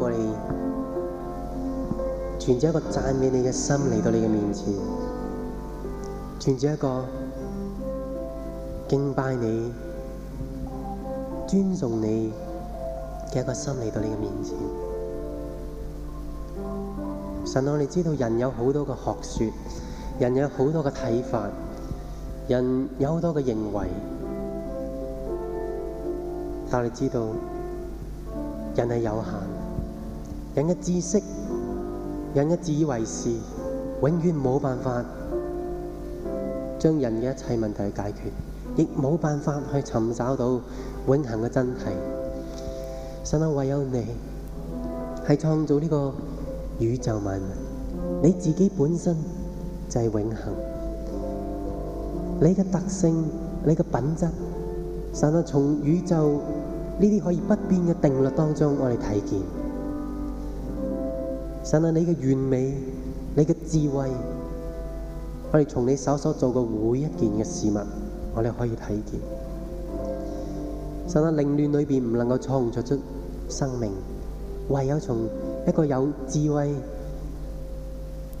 我哋存住一個讚美你嘅心嚟到你嘅面前，存住一個敬拜你、尊重你嘅一個心嚟到你嘅面前。神，我哋知道人有好多嘅學說，人有好多嘅睇法，人有好多嘅認為，但係知道人係有限。人嘅知識，人嘅自以為是，永遠冇辦法將人嘅一切問題解決，亦冇辦法去尋找到永恒嘅真諦。神啊，唯有你係創造呢個宇宙萬物，你自己本身就係永恒。你嘅特性，你嘅品質，神啊，從宇宙呢啲可以不變嘅定律當中我們看，我哋睇見。神啊，你嘅完美，你嘅智慧，我哋從你手所做嘅每一件嘅事物，我哋可以睇見。神啊，凌亂裏邊唔能夠創造出生命，唯有從一個有智慧，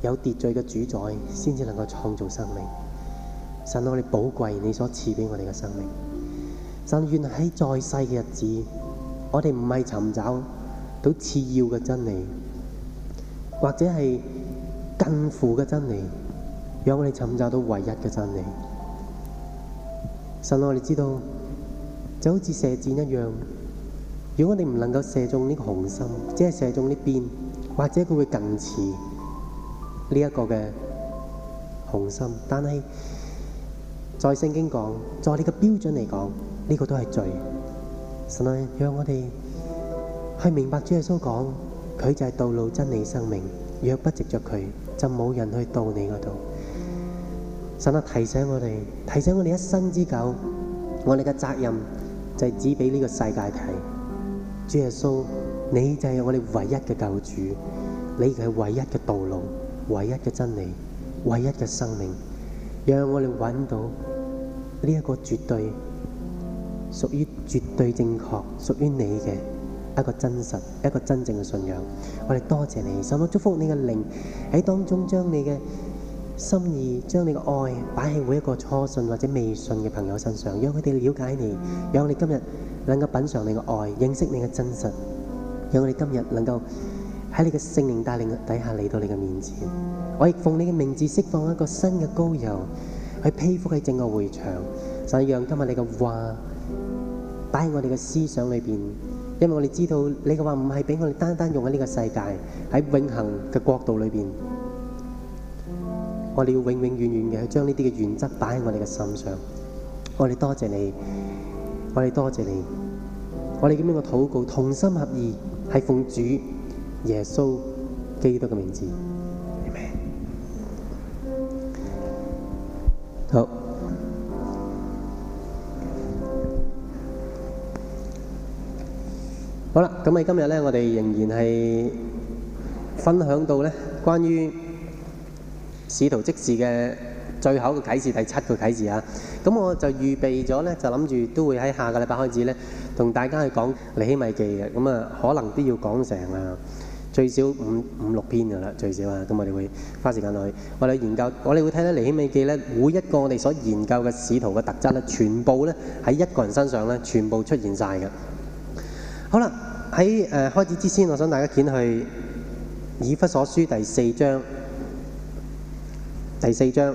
有秩序嘅主宰，先至能夠創造生命。神啊，我哋寶貴你所賜俾我哋嘅生命。神願喺再世嘅日子，我哋唔係尋找到次要嘅真理。或者係近乎嘅真理，讓我哋尋找到唯一嘅真理。神啊，我哋知道就好似射箭一樣，如果我哋唔能夠射中呢個紅心，即係射中呢邊，或者佢會近似呢一個嘅紅心，但係在聖經講，在呢個標準嚟講，呢個都係罪。神啊，讓我哋去明白主耶穌講。佢就係道路、真理、生命。若不藉着佢，就冇人去到你嗰度。神啊，提醒我哋，提醒我哋一生之久，我哋嘅責任就係指俾呢個世界睇。主耶穌，你就係我哋唯一嘅救主，你係唯一嘅道路、唯一嘅真理、唯一嘅生命，讓我哋揾到呢一個絕對，屬於絕對正確、屬於你嘅。一個真實，一個真正嘅信仰。我哋多謝你，神，我祝福你嘅靈喺當中，將你嘅心意、將你嘅愛擺喺每一個初信或者未信嘅朋友身上，讓佢哋了解你，讓我哋今日能夠品嘗你嘅愛，認識你嘅真實，讓我哋今日能夠喺你嘅聖靈帶領底下嚟到你嘅面前。我亦奉你嘅名字釋放一個新嘅膏油，去披覆喺整個會場，所以讓今日你嘅話擺喺我哋嘅思想裏邊。因為我哋知道，你嘅話唔係俾我哋單單用喺呢個世界，喺永恆嘅國度裏邊，我哋要永永遠遠嘅去將呢啲嘅原則擺喺我哋嘅心上。我哋多謝你，我哋多謝你，我哋今日嘅禱告，同心合意，係奉主耶穌基督嘅名字。好啦，咁喺今日咧，我哋仍然係分享到咧關於使徒即時嘅最後嘅啟示，第七個啟示啊。咁我就預備咗咧，就諗住都會喺下個禮拜開始咧，同大家去講《尼希米記》嘅。咁啊，可能都要講成啊最少五五六篇噶啦，最少啊。咁我哋會花時間去我哋研究，我哋會睇咧《尼希米記》咧每一個我哋所研究嘅使徒嘅特質咧，全部咧喺一個人身上咧，全部出現曬嘅。好啦。喺開、呃、開始之前，我想大家見到去《以弗所書》第四章第四章，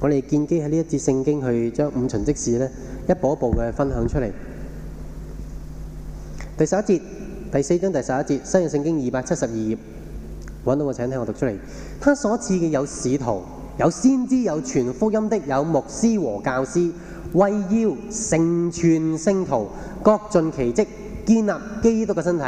我哋建基喺呢一節聖經去將五旬即事一步一步嘅分享出嚟。第十一節，第四章第十一節，新約聖經二百七十二頁，揾到我，請聽我讀出嚟。他所賜嘅有使徒，有先知，有傳福音的，有牧師和教師。為要生存聖徒，各種奇蹟，建立基督的身體。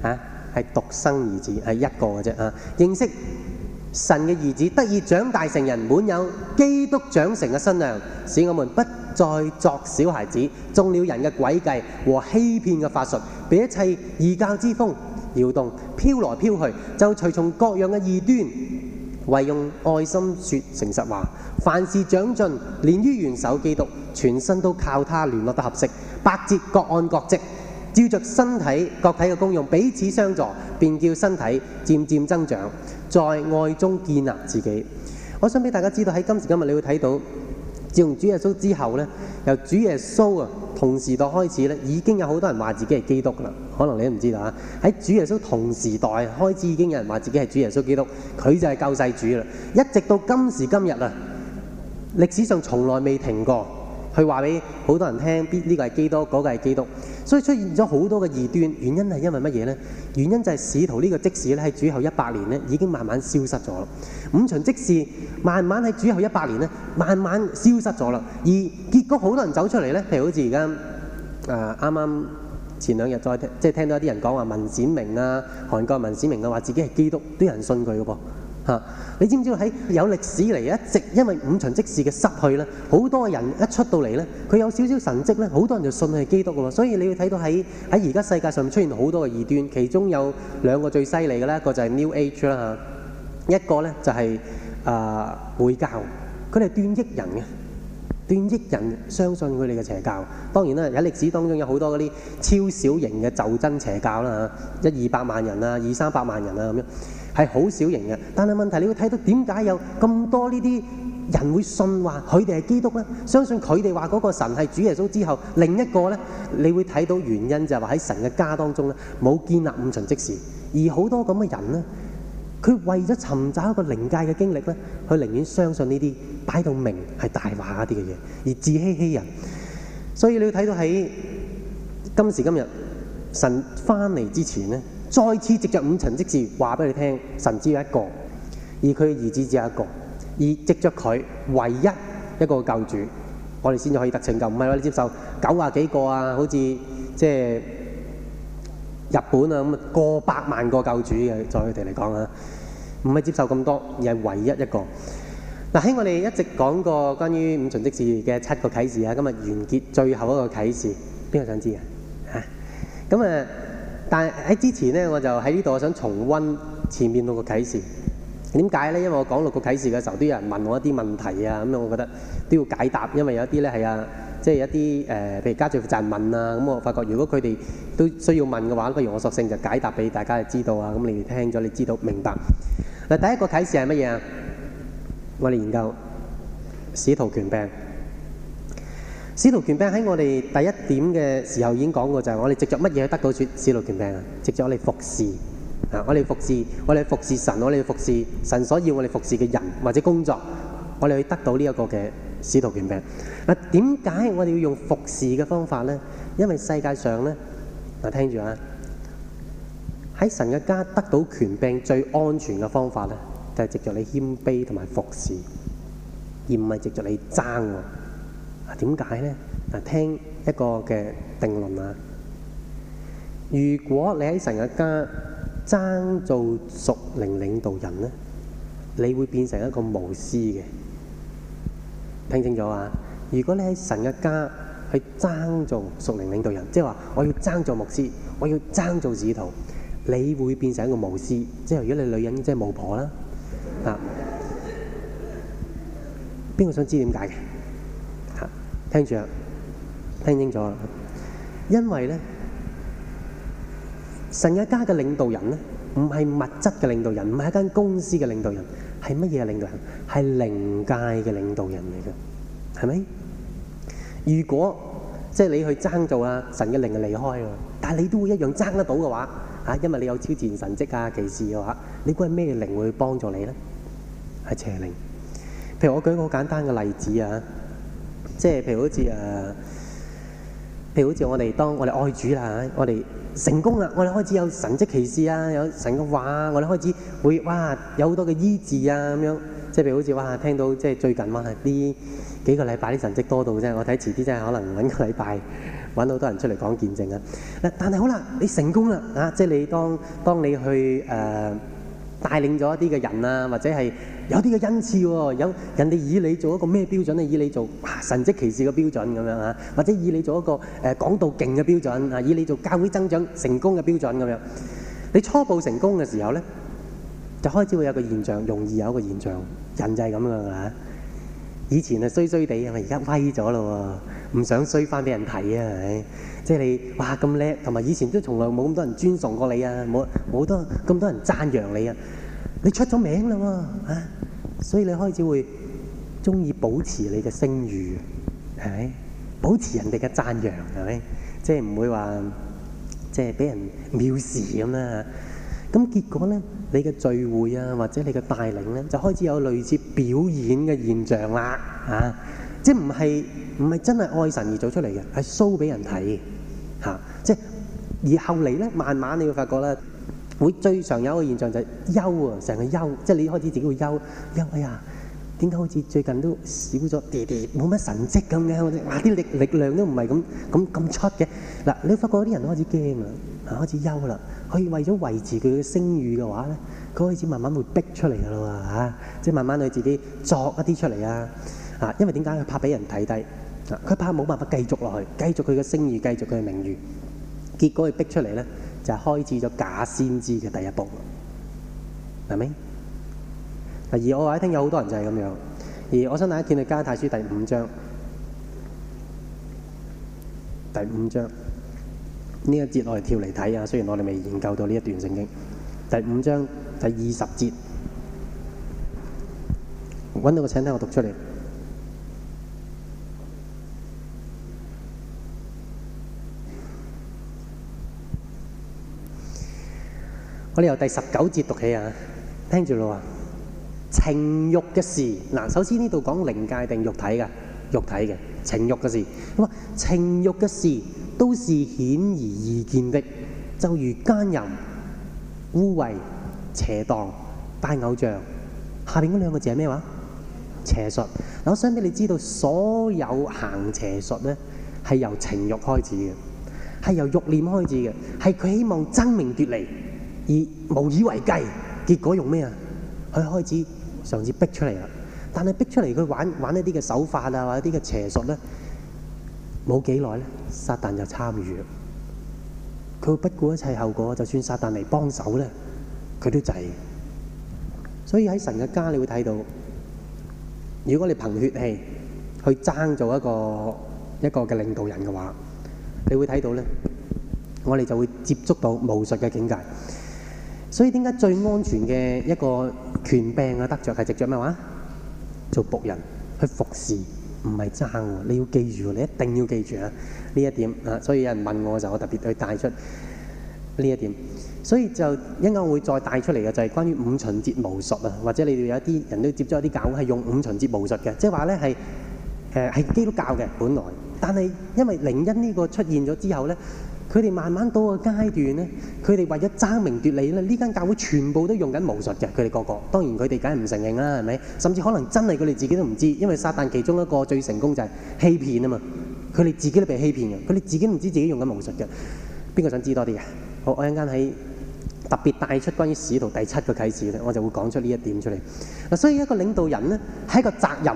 係獨生兒子，係一個嘅啫啊！認識神嘅兒子，得以長大成人，滿有基督長成嘅身量，使我們不再作小孩子，中了人嘅詭計和欺騙嘅法術，被一切異教之風搖動，飄來飄去，就隨從各樣嘅異端，惟用愛心説誠實話。凡事長進，連於元首基督，全身都靠他聯絡得合適，百節各按各職。照着身體各體嘅功用，彼此相助，便叫身體漸漸增長，在愛中建立自己。我想俾大家知道喺今時今日，你會睇到自從主耶穌之後咧，由主耶穌啊同時代開始咧，已經有好多人話自己係基督啦。可能你都唔知道啦，喺主耶穌同時代開始已經有人話自己係主耶穌基督，佢就係救世主啦。一直到今時今日啊，歷史上從來未停過。佢話俾好多人聽，呢個係基督，嗰個係基督，所以出現咗好多嘅異端。原因係因為乜嘢呢？原因就係使徒呢個即使咧喺主後一百年咧已經慢慢消失咗。五旬即使慢慢喺主後一百年咧，慢慢消失咗啦。而結果好多人走出嚟咧，譬如好似而家誒啱啱前兩日再聽即係聽到一啲人講話文展明啊，韓國文展明嘅話自己係基督，都有人信佢嘅噃。你知唔知道，喺有歷史嚟一直，因為五旬節事嘅失去啦，好多人一出到嚟咧，佢有少少神跡咧，好多人就信佢係基督喎。所以你要睇到喺喺而家世界上出現好多嘅異端，其中有兩個最犀利嘅咧，一個就係 New Age 啦嚇，一個咧就係、是、啊、呃、會教，佢哋係斷億人嘅，斷億人相信佢哋嘅邪教。當然啦，喺歷史當中有好多嗰啲超小型嘅就真邪教啦嚇，一二百萬人啊，二三百萬人啊咁樣。係好小型嘅，但係問題，你會睇到點解有咁多呢啲人會信話佢哋係基督咧？相信佢哋話嗰個神係主耶穌之後，另一個咧，你會睇到原因就係話喺神嘅家當中咧，冇建立五旬節事，而好多咁嘅人咧，佢為咗尋找一個靈界嘅經歷咧，佢寧願相信呢啲擺到明係大話一啲嘅嘢，而自欺欺人。所以你要睇到喺今時今日神翻嚟之前咧。再次藉着五層即事話俾你聽，神只有一個，而佢嘅兒子只有一個，而藉着佢唯一一個救主，我哋先至可以得拯救。唔係話你接受九啊幾個啊，好似即係日本啊咁，過百萬個救主嘅，在佢哋嚟講啊，唔係接受咁多，而係唯一一個。嗱，喺我哋一直講過關於五層即事嘅七個啟示啊，今日完結最後一個啟示，邊個想知道啊？嚇，咁啊！但係喺之前咧，我就喺呢度我想重溫前面六個啟示。點解咧？因為我講六個啟示嘅時候，都有人問我一啲問題啊，咁啊，我覺得都要解答。因為有啲咧係啊，即係一啲誒、呃，譬如家長負責人問啊，咁我發覺如果佢哋都需要問嘅話，不如我索性就解答俾大家就知道啊。咁你哋聽咗，你知道明白。嗱，第一個啟示係乜嘢啊？我哋研究使徒權柄。使徒權柄喺我哋第一點嘅時候已經講過，就係我哋藉著乜嘢得到主使徒權柄啊？藉著我哋服侍啊！我哋服侍，我哋服侍神，我哋服侍神所要我哋服侍嘅人或者工作，我哋去得到呢一個嘅使徒權柄。嗱，點解我哋要用服侍嘅方法咧？因為世界上咧，嗱，聽住啊，喺神嘅家得到權柄最安全嘅方法咧，就係藉著你謙卑同埋服侍，而唔係藉著你爭。嗱，點解咧？嗱，聽一個嘅定論啊！如果你喺神嘅家爭做屬靈領導人咧，你會變成一個巫師嘅。聽清楚啊！如果你喺神嘅家去爭做屬靈領導人，即係話我要爭做牧師，我要爭做使徒，你會變成一個巫師。即係如果你女人即係巫婆啦，啊，邊個想知點解嘅？聽住啊，聽清楚啦。因為呢，神一家嘅領導人呢，唔係物質嘅領導人，唔係一間公司嘅領導人，係乜嘢嘅領導人？係靈界嘅領導人嚟嘅，係咪？如果即係你去爭做啊，神嘅靈就離開喎。但你都會一樣爭得到嘅話，啊，因為你有超自然神蹟啊，奇事嘅話，你估係咩靈會幫助你呢？係邪靈。譬如我舉一個好簡單嘅例子啊。即係譬如好似誒，譬、啊、如好似我哋當我哋愛主啦，我哋成功啦，我哋開始有神蹟奇事啊，有神嘅話，我哋開始會哇有好多嘅醫治啊咁樣。即係譬如好似哇，聽到即係最近哇呢、啊、幾個禮拜啲神蹟多到啫，我睇遲啲真係可能揾個禮拜揾好多人出嚟講見證啊。嗱，但係好啦，你成功啦嚇、啊，即係你當當你去誒、呃、帶領咗一啲嘅人啊，或者係。有啲嘅恩賜喎，有人哋以你做一個咩標準咧？以你做神蹟奇事嘅標準咁樣啊，或者以你做一個誒講道勁嘅標準啊，以你做教會增長成功嘅標準咁樣。你初步成功嘅時候咧，就開始會有個現象，容易有一個現象，人就係咁啊嚇。以前係衰衰地，係咪而家威咗咯？唔想衰翻俾人睇啊，係。即係你哇咁叻，同埋以前都從來冇咁多人尊崇過你啊，冇冇多咁多人讚揚你啊。你出咗名啦，啊！所以你開始會中意保持你嘅聲譽，係咪？保持人哋嘅讚揚，係咪？即係唔會話，即係俾人藐視咁啦。咁結果咧，你嘅聚會啊，或者你嘅帶領咧，就開始有類似表演嘅現象啦，啊！即係唔係唔係真係愛神而做出嚟嘅，係 show 俾人睇嘅，嚇！即係而後嚟咧，慢慢你會發覺咧。會最常有個現象就係憂啊，成日憂，即係你開始自己會憂，憂哎呀，點解好似最近都少咗跌跌，冇乜神跡咁嘅，或者啲力力量都唔係咁咁咁出嘅。嗱，你發覺嗰啲人都開始驚啦，開始憂啦。可以為咗維持佢嘅聲譽嘅話咧，佢開始慢慢會逼出嚟噶啦喎嚇，即係慢慢佢自己作一啲出嚟啊嚇，因為點解佢怕俾人睇低啊？佢怕冇辦法繼續落去，繼續佢嘅聲譽，繼續佢嘅名譽，結果佢逼出嚟咧。就是、開始咗假先知嘅第一步，係咪？嗱，而我喺聽有好多人就係咁樣。而我想大家見到《加太書》第五章，第五章呢一節我哋跳嚟睇啊。雖然我哋未研究到呢一段聖經，第五章第二十節，揾到個，請聽我讀出嚟。我哋由第十九節讀起啊，聽住啦。情欲嘅事嗱，首先呢度講靈界定肉體嘅肉體嘅情欲嘅事。哇，情欲嘅事都是顯而易見的，就如奸淫、污穢、邪蕩、拜偶像。下邊嗰兩個字係咩話？邪術。嗱，我想俾你知道，所有行邪術咧，係由情欲開始嘅，係由欲念開始嘅，係佢希望爭名奪利。而無以為繼，結果用咩啊？佢開始嘗試逼出嚟啦。但係逼出嚟，佢玩玩一啲嘅手法啊，或者啲嘅邪術咧，冇幾耐咧，撒旦就參與。佢會不顧一切後果，就算撒旦嚟幫手咧，佢都制。所以喺神嘅家，你會睇到，如果你憑血氣去爭做一個一個嘅領導人嘅話，你會睇到咧，我哋就會接觸到巫術嘅境界。所以點解最安全嘅一個權柄嘅得着係藉著咩話？做僕人去服侍，唔係爭喎。你要記住你一定要記住啊呢一點啊。所以有人問我就我特別去帶出呢一點。所以就一陣間會,會再帶出嚟嘅就係、是、關於五旬節巫術啊，或者你哋有一啲人都接咗一啲教會係用五旬節巫術嘅，即係話咧係誒係基督教嘅本來，但係因為靈恩呢個出現咗之後咧。佢哋慢慢到個階段咧，佢哋為咗爭名奪利咧，呢間教會全部都用緊巫術嘅，佢哋個個當然佢哋梗係唔承認啦，係咪？甚至可能真係佢哋自己都唔知，因為撒旦其中一個最成功就係欺騙啊嘛，佢哋自己都被欺騙嘅，佢哋自己唔知自己用緊巫術嘅，邊個想知多啲啊？好，我我陣間喺特別帶出關於使徒第七個啟示咧，我就會講出呢一點出嚟。嗱，所以一個領導人咧係一個責任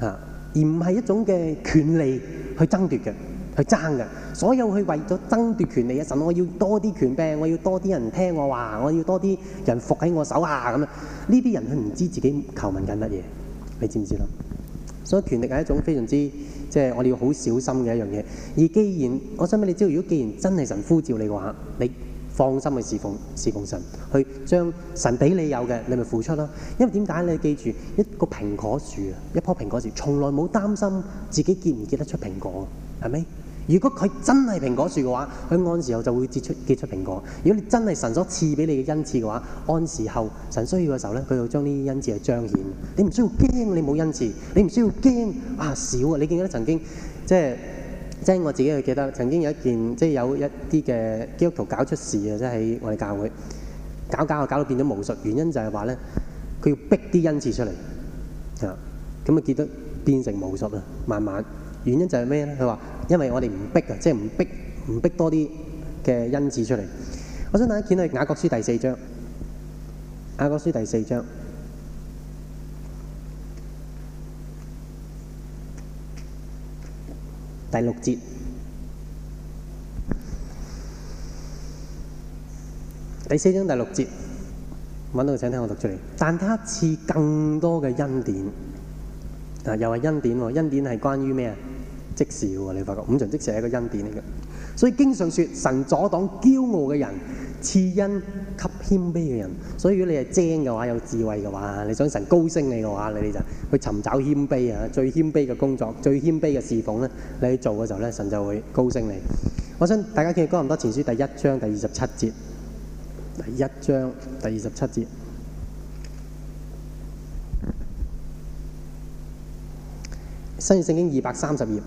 啊，而唔係一種嘅權利去爭奪嘅。去爭嘅，所有去為咗爭奪權利嘅神，我要多啲權柄，我要多啲人聽我話，我要多啲人服喺我手下咁樣，呢啲人佢唔知自己求問緊乜嘢，你知唔知咯？所以權力係一種非常之即係、就是、我哋要好小心嘅一樣嘢。而既然我想俾你知道，如果既然真係神呼召你嘅話，你放心去侍奉侍奉神，去將神俾你有嘅，你咪付出咯。因為點解你記住一個蘋果樹啊，一棵蘋果樹,蘋果樹從來冇擔心自己結唔結得出蘋果，係咪？如果佢真係蘋果樹嘅話，佢按時候就會結出結出蘋果。如果你真係神所賜俾你嘅恩賜嘅話，按時候神需要嘅時候咧，佢就將呢啲恩賜係彰顯。你唔需要驚，你冇恩賜，你唔需要驚啊少啊！你見咧曾經即係即係我自己去記得，曾經有一件即係有一啲嘅基督徒搞出事啊，即係喺我哋教會搞搞啊，搞到變咗巫術。原因就係話咧，佢要逼啲恩賜出嚟啊，咁啊結得變成巫術啊？慢慢原因就係咩咧？佢話。因為我哋唔逼呀，即係唔逼唔逼多啲嘅恩賜出嚟。我想大家睇到《雅各書》第四章，《雅各書》第四章第六節，第四章第六節，揾到，請聽我讀出嚟。但他賜更多嘅恩典，啊又係恩典喎！恩典係關於咩啊？即時喎，你發覺五常即時係一個恩典嚟嘅，所以經常說神阻擋驕傲嘅人，賜恩給謙卑嘅人。所以如果你係精嘅話，有智慧嘅話，你想神高升你嘅話，你哋就去尋找謙卑啊，最謙卑嘅工作，最謙卑嘅侍奉咧，你去做嘅時候咧，神就會高升你。我想大家記住哥林多前書第一章第二十七節，第一章第二十七節，新約聖經二百三十頁。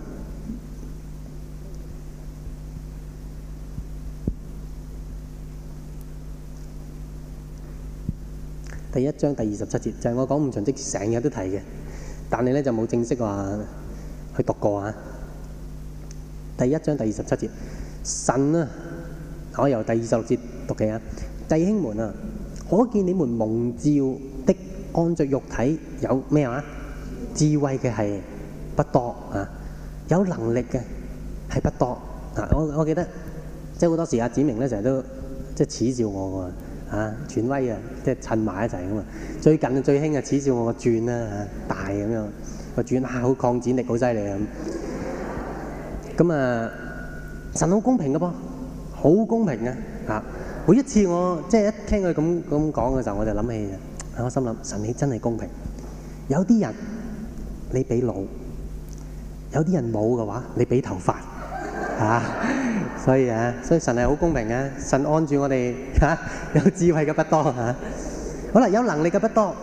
第一章第嚇，權威啊，威即係襯埋一齊咁嘛。最近最興啊，恥笑我個、啊啊、轉啦大咁樣個轉嚇，好、啊、擴展力，好犀利咁。咁啊，神好公平嘅噃，好公平啊！嚇，每一次我即係一聽佢咁咁講嘅時候，我就諗起啊，我心諗神你真係公平。有啲人你俾腦，有啲人冇嘅話，你俾頭髮嚇。啊 所以啊，所以神係好公平嘅，神按住我哋嚇有智慧嘅不多嚇，好啦，有能力嘅不多，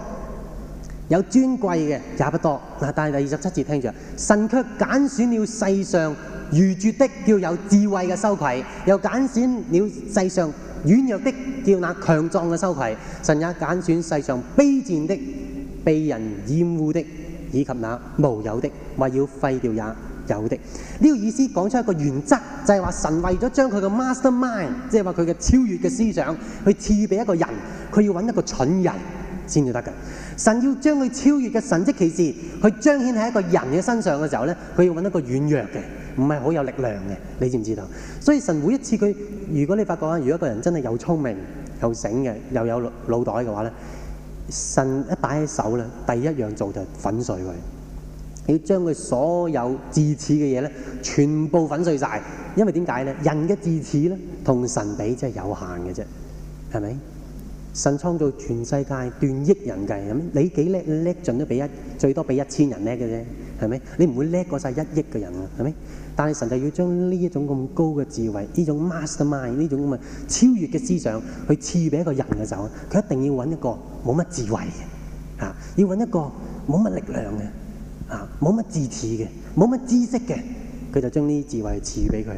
有尊貴嘅也不多。嗱，但係第二十七節聽著，神卻揀選了世上愚拙的，叫有智慧嘅羞愧；又揀選了世上軟弱的，叫那強壯嘅羞愧。神也揀選世上卑賤的、被人厭惡的，以及那無有的，為要廢掉也。有的呢個意思講出一個原則，就係話神為咗將佢嘅 master mind，即係話佢嘅超越嘅思想，去賜予俾一個人，佢要揾一個蠢人先至得嘅。神要將佢超越嘅神蹟奇事，去彰顯喺一個人嘅身上嘅時候呢，佢要揾一個軟弱嘅，唔係好有力量嘅。你知唔知道？所以神每一次佢，如果你發覺啊，如果一個人真係又聰明又醒嘅，又有腦袋嘅話呢，神一擺起手呢，第一樣做就粉碎佢。你要將佢所有智恆嘅嘢咧，全部粉碎晒！因為點解咧？人嘅智恆咧，同神比真係有限嘅啫，係咪？神創造全世界，段億人計，你幾叻叻盡都俾一，最多俾一千人叻嘅啫，係咪？你唔會叻過晒一億嘅人啊，係咪？但係神就要將呢一種咁高嘅智慧，呢種 mastermind，呢種咁嘅超越嘅思想，去賜俾一個人嘅時候，佢一定要揾一個冇乜智慧嘅，嚇，要揾一個冇乜力量嘅。冇乜智慧嘅，冇乜知識嘅，佢就將呢啲智慧賜俾佢，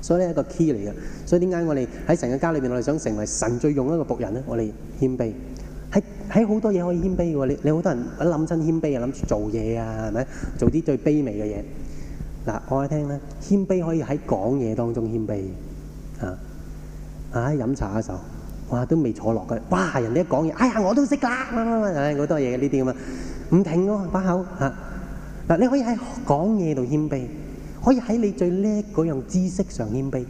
所以呢一個 key 嚟嘅。所以點解我哋喺神嘅家裏邊，我哋想成為神最用一個僕人咧？我哋謙卑，喺喺好多嘢可以謙卑喎。你你好多人諗親謙卑啊，諗住做嘢啊，係咪？做啲最卑微嘅嘢。嗱、啊，我一聽咧，謙卑可以喺講嘢當中謙卑啊！啊，飲茶嘅時候，哇，都未坐落去。哇，人哋一講嘢，哎呀，我都識㗎，誒，好多嘢呢啲咁啊～唔停咯、啊、把口嚇嗱，你可以喺講嘢度謙卑，可以喺你最叻嗰樣知識上謙卑，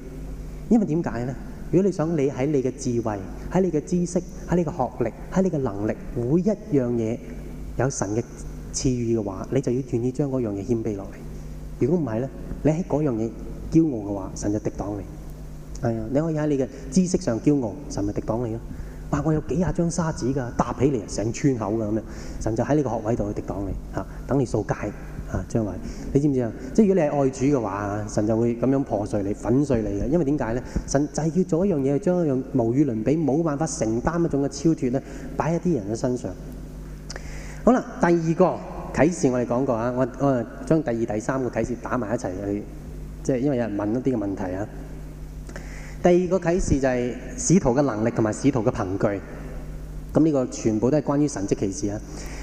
因為點解咧？如果你想你喺你嘅智慧、喺你嘅知識、喺你嘅學歷、喺你嘅能力，每一樣嘢有神嘅賜予嘅話，你就要願意將嗰樣嘢謙卑落嚟。如果唔係咧，你喺嗰樣嘢驕傲嘅話，神就敵擋你。係啊，你可以喺你嘅知識上驕傲，神咪敵擋你咯。哇！我有幾廿張沙紙噶，搭起嚟成村口噶咁樣，神就喺呢個學位度去敵擋你嚇、啊，等你掃街嚇、啊、張偉。你知唔知啊？即係如果你係愛主嘅話，神就會咁樣破碎你、粉碎你嘅。因為點解咧？神就係要做一樣嘢，將一樣無與倫比、冇辦法承擔一種嘅超脱咧，擺喺啲人嘅身上。好啦，第二個啟示我哋講過啊，我我將第二、第三個啟示打埋一齊去，即係因為有人問一啲嘅問題啊。第二個啟示就係使徒嘅能力同埋使徒嘅憑據，咁呢個全部都係關於神蹟奇事啊！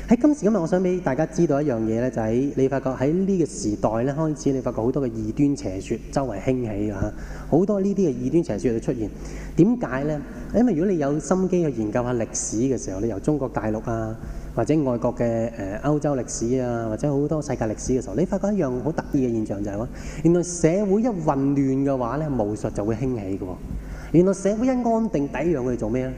喺今時今日，我想俾大家知道一樣嘢咧，就係你發覺喺呢個時代咧，開始，你發覺好多嘅異端邪説周圍興起啊！好多呢啲嘅異端邪説喺度出現，點解咧？因為如果你有心機去研究下歷史嘅時候，你由中國大陸啊～或者外國嘅誒歐洲歷史啊，或者好多世界歷史嘅時候，你發覺一樣好得意嘅現象就係話，原來社會一混亂嘅話咧，巫術就會興起嘅喎。原來社會一安定，第一樣佢哋做咩咧？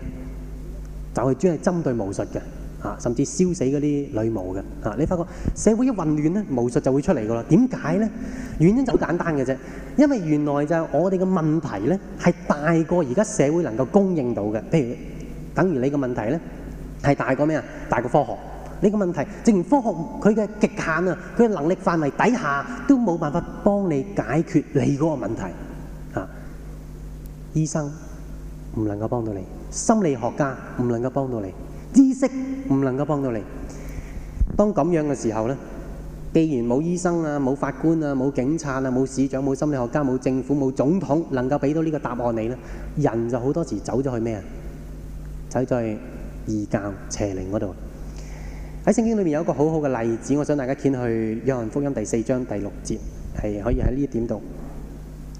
就係專係針對巫術嘅啊，甚至燒死嗰啲女巫嘅啊。你發覺社會一混亂咧，巫術就會出嚟嘅咯。點解咧？原因就好簡單嘅啫，因為原來就係我哋嘅問題咧，係大過而家社會能夠供應到嘅。譬如等於你嘅問題咧。係大過咩啊？大過科學呢個問題。正如科學佢嘅極限啊，佢嘅能力範圍底下都冇辦法幫你解決你嗰個問題啊。醫生唔能夠幫到你，心理學家唔能夠幫到你，知識唔能夠幫到你。當咁樣嘅時候咧，既然冇醫生啊，冇法官啊，冇警察啊，冇市長，冇心理學家，冇政府，冇總統能夠俾到呢個答案你咧，人就好多時走咗去咩啊？走咗去。二教邪靈嗰度，喺聖經裏面有一個好好嘅例子，我想大家卷去約翰福音第四章第六節，係可以喺呢一點度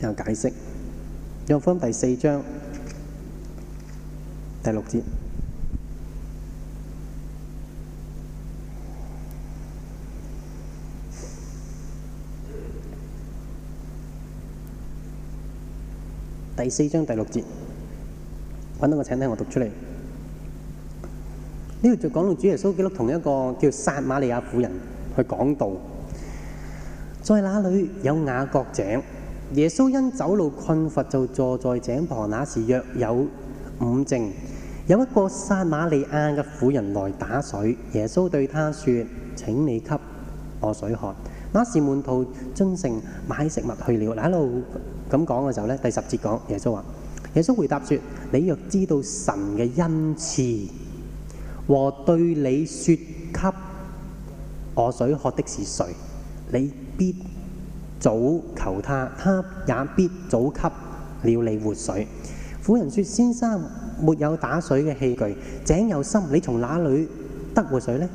有解釋。約翰福音第四章第六節，第四章第六節，揾到我請聽我讀出嚟。呢度就講到主耶穌基督同一個叫撒瑪利亞婦人去講道，在那裏有雅各井。耶穌因走路困乏，就坐在井旁。那時約有午正，有一個撒瑪利亞嘅婦人來打水。耶穌對她説：「請你給我水喝。」那時門徒進城買食物去了。一路咁講嘅時候呢，第十節講耶穌話：耶穌回答説：你若知道神嘅恩賜，和對你說，給我水喝的是誰？你必早求他，他也必早給了你活水。婦人說：先生沒有打水嘅器具，井又深，你從哪裏得活水呢？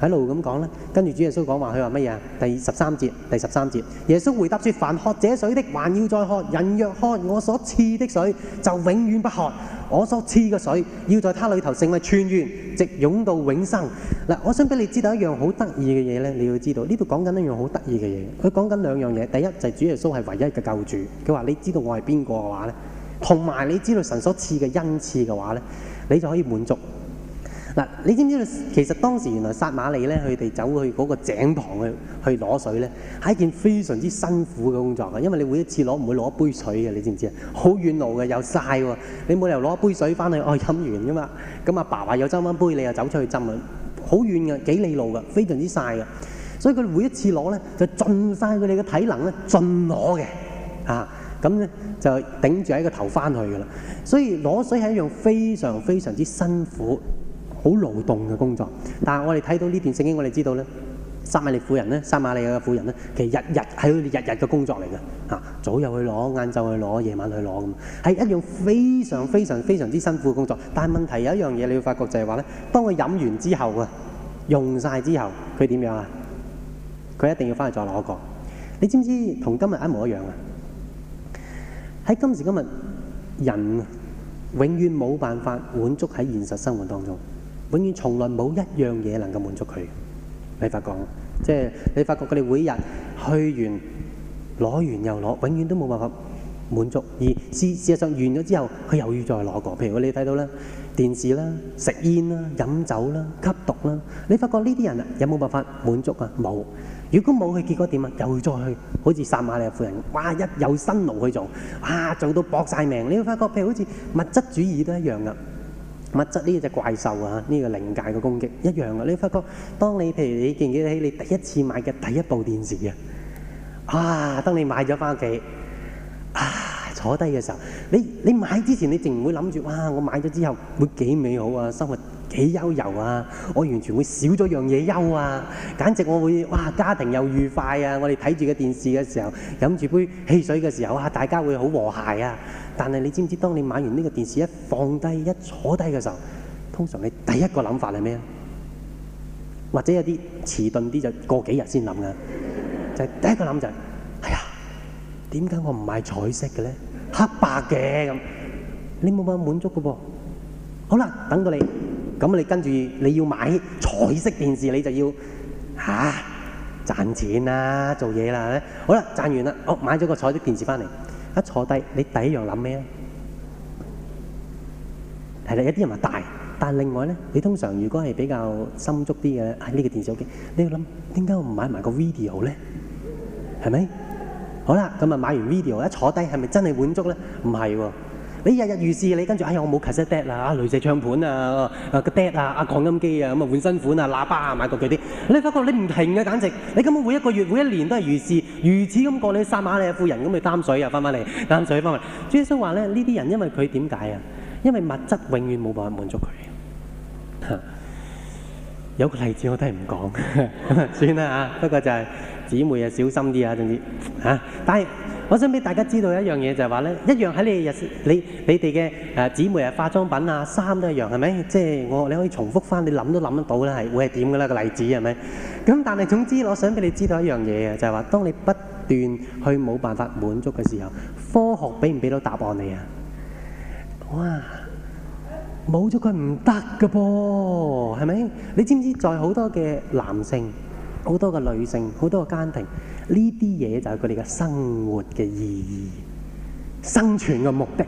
喺路咁講呢，跟住主耶穌講話，佢話乜嘢啊？第十三節，第十三節，耶穌回答說：凡喝這水的，還要再喝；人若喝我所賜的水，就永遠不渴。我所賜嘅水，要在他裏頭成為泉源，直湧到永生。嗱，我想俾你知道一樣好得意嘅嘢咧，你要知道呢度講緊一樣好得意嘅嘢。佢講緊兩樣嘢，第一就係主耶穌係唯一嘅救主。佢話：你知道我係邊個嘅話，同埋你知道神所賜嘅恩賜嘅話咧，你就可以滿足。嗱，你知唔知道？其實當時原來撒瑪利咧，佢哋走去嗰個井旁去去攞水咧，係一件非常之辛苦嘅工作嘅。因為你每一次攞唔會攞一杯水嘅，你知唔知啊？好遠路嘅，又曬喎。你冇理由攞一杯水翻去，哦飲完噶嘛。咁阿爸話有斟翻杯，你又走出去浸啦。好遠嘅，幾里路嘅，非常之曬嘅。所以佢哋每一次攞咧，就盡晒佢哋嘅體能咧，盡攞嘅啊。咁咧就頂住喺個頭翻去噶啦。所以攞水係一樣非常非常之辛苦的。好勞動嘅工作，但係我哋睇到呢段聖經，我哋知道咧，撒瑪利夫人咧，撒瑪利亞嘅婦人咧，其實日日係佢哋日日嘅工作嚟嘅，啊，早又去攞，晏晝去攞，夜晚去攞咁，係一樣非常非常非常之辛苦嘅工作。但係問題有一樣嘢你要發覺就係話咧，當佢飲完之後啊，用晒之後，佢點樣啊？佢一定要翻去再攞過。你知唔知同今日一模一樣啊？喺今時今日，人永遠冇辦法滿足喺現實生活當中。永遠從來冇一樣嘢能夠滿足佢。物質呢隻怪獸啊，呢、這個靈界嘅攻擊一樣嘅，啊。你發覺，當你譬如你記唔記得起你第一次買嘅第一部電視啊？啊，當你買咗返屋企，啊，坐低嘅時候，你你買之前你淨唔會諗住哇，我買咗之後會幾美好啊，生活幾悠遊啊，我完全會少咗樣嘢憂啊，簡直我會哇，家庭又愉快啊，我哋睇住個電視嘅時候，飲住杯汽水嘅時候啊，大家會好和諧啊！但係你知唔知，當你買完呢個電視一放低一坐低嘅時候，通常你第一個諗法係咩？或者有啲遲鈍啲就過幾日先諗㗎，就係第一個諗就係，哎呀，點解我唔買彩色嘅咧？黑白嘅咁，你冇乜滿足嘅噃。好啦，等到你，咁你跟住你要買彩色電視，你就要嚇賺錢啦，做嘢啦。好啦，賺完啦，我買咗個彩色電視翻嚟。一坐低，你第一樣諗咩啊？係啦，有啲人話大，但係另外呢，你通常如果係比較心足啲嘅喺呢個電視機，你要諗點解我唔買埋個 video 呢？係咪？好啦，咁啊買完 video 一坐低，係咪真係滿足呢？唔係喎。你日日如是，你跟住哎呀我冇 cassette deck 啦，啊鐳射唱盤啊，啊個碟啊，啊，啊降音機啊，咁啊換新款啊喇叭啊，買過佢啲，你發覺你唔停嘅、啊、簡直，你根本每一個月每一年都係如是，如此咁過你撒馬利亞婦人咁去擔水啊翻返嚟，擔水翻嚟。主耶穌話咧呢啲人因為佢點解啊？因為物質永遠冇辦法滿足佢。有一個例子我都係唔講，算啦啊，不過就係、是、姊妹啊小心啲啊，總之嚇，但係。我想俾大家知道一樣嘢，就係話咧，一樣喺你日，你你哋嘅誒姊妹啊，化妝品啊，衫都一樣，係咪？即係我你可以重複翻，你諗都諗得到啦，係會係點嘅咧個例子係咪？咁但係總之，我想俾你知道一樣嘢啊，就係話，當你不斷去冇辦法滿足嘅時候，科學俾唔俾到答案你啊？哇！冇咗佢唔得㗎噃，係咪？你知唔知？在好多嘅男性，好多嘅女性，好多嘅家庭。呢啲嘢就係佢哋嘅生活嘅意義、生存嘅目的、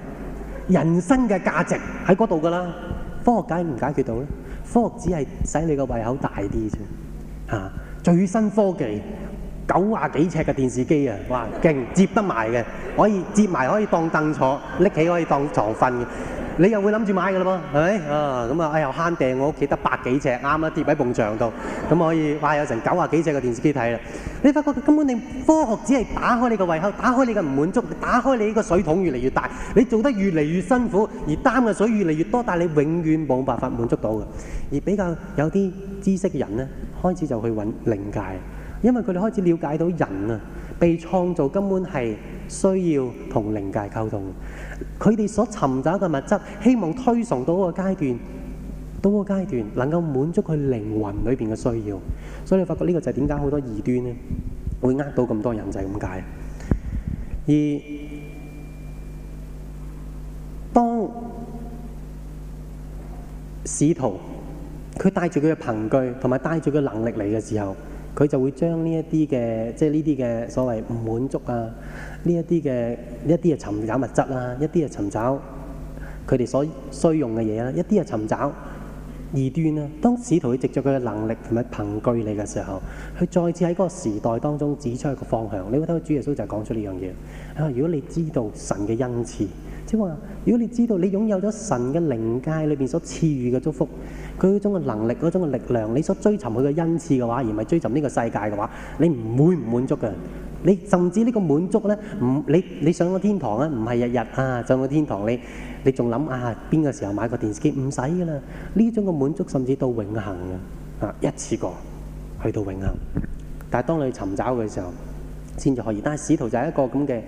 人生嘅價值喺嗰度噶啦。科學解唔解決到咧？科學只係使你個胃口大啲啫。嚇，最新科技九呀幾尺嘅電視機啊，哇，勁，接得埋嘅，可以接埋，可以當凳坐，拎起可以當床瞓。你又會諗住買㗎啦嘛？係咪啊？咁、嗯、啊，唉又慳訂，定我屋企得百幾隻，啱啱跌喺埲墻度，咁、嗯、可以哇！有成九十幾隻嘅電視機睇啦。你發覺根本你科學只係打開你嘅胃口，打開你嘅唔滿足，打開你嘅水桶越嚟越大，你做得越嚟越辛苦，而擔嘅水越嚟越多，但係你永遠冇辦法滿足到嘅。而比較有啲知識嘅人咧，開始就去揾靈界，因為佢哋開始了解到人啊，被創造根本係需要同靈界溝通。佢哋所尋找嘅物質，希望推崇到嗰個階段，到嗰個階段能夠滿足佢靈魂裏邊嘅需要。所以你發覺呢個就係點解好多異端咧，會呃到咁多人就係咁解。而當使徒佢帶住佢嘅憑據同埋帶住佢嘅能力嚟嘅時候，佢就會將呢一啲嘅即係呢啲嘅所謂唔滿足啊。呢一啲嘅，呢一啲嘅尋找物質啦，一啲啊尋找佢哋所需用嘅嘢啦，一啲啊尋找異端啦。當使徒去藉著佢嘅能力同埋憑據你嘅時候，佢再次喺嗰個時代當中指出一個方向。你會睇到主耶穌就係講出呢樣嘢啊！如果你知道神嘅恩賜，即係話，如果你知道你擁有咗神嘅靈界裏邊所賜予嘅祝福，佢嗰種嘅能力，嗰種嘅力量，你所追尋佢嘅恩賜嘅話，而唔係追尋呢個世界嘅話，你唔會唔滿足嘅。你甚至呢個滿足呢，你，你上咗天堂啊，唔係日日啊，上咗天堂你你仲諗啊，邊個時候買個電視機唔使噶啦？呢種嘅滿足甚至到永恆啊，啊，一次過去到永恆。但係當你尋找嘅時候，先至可以。但係使徒就係一個咁嘅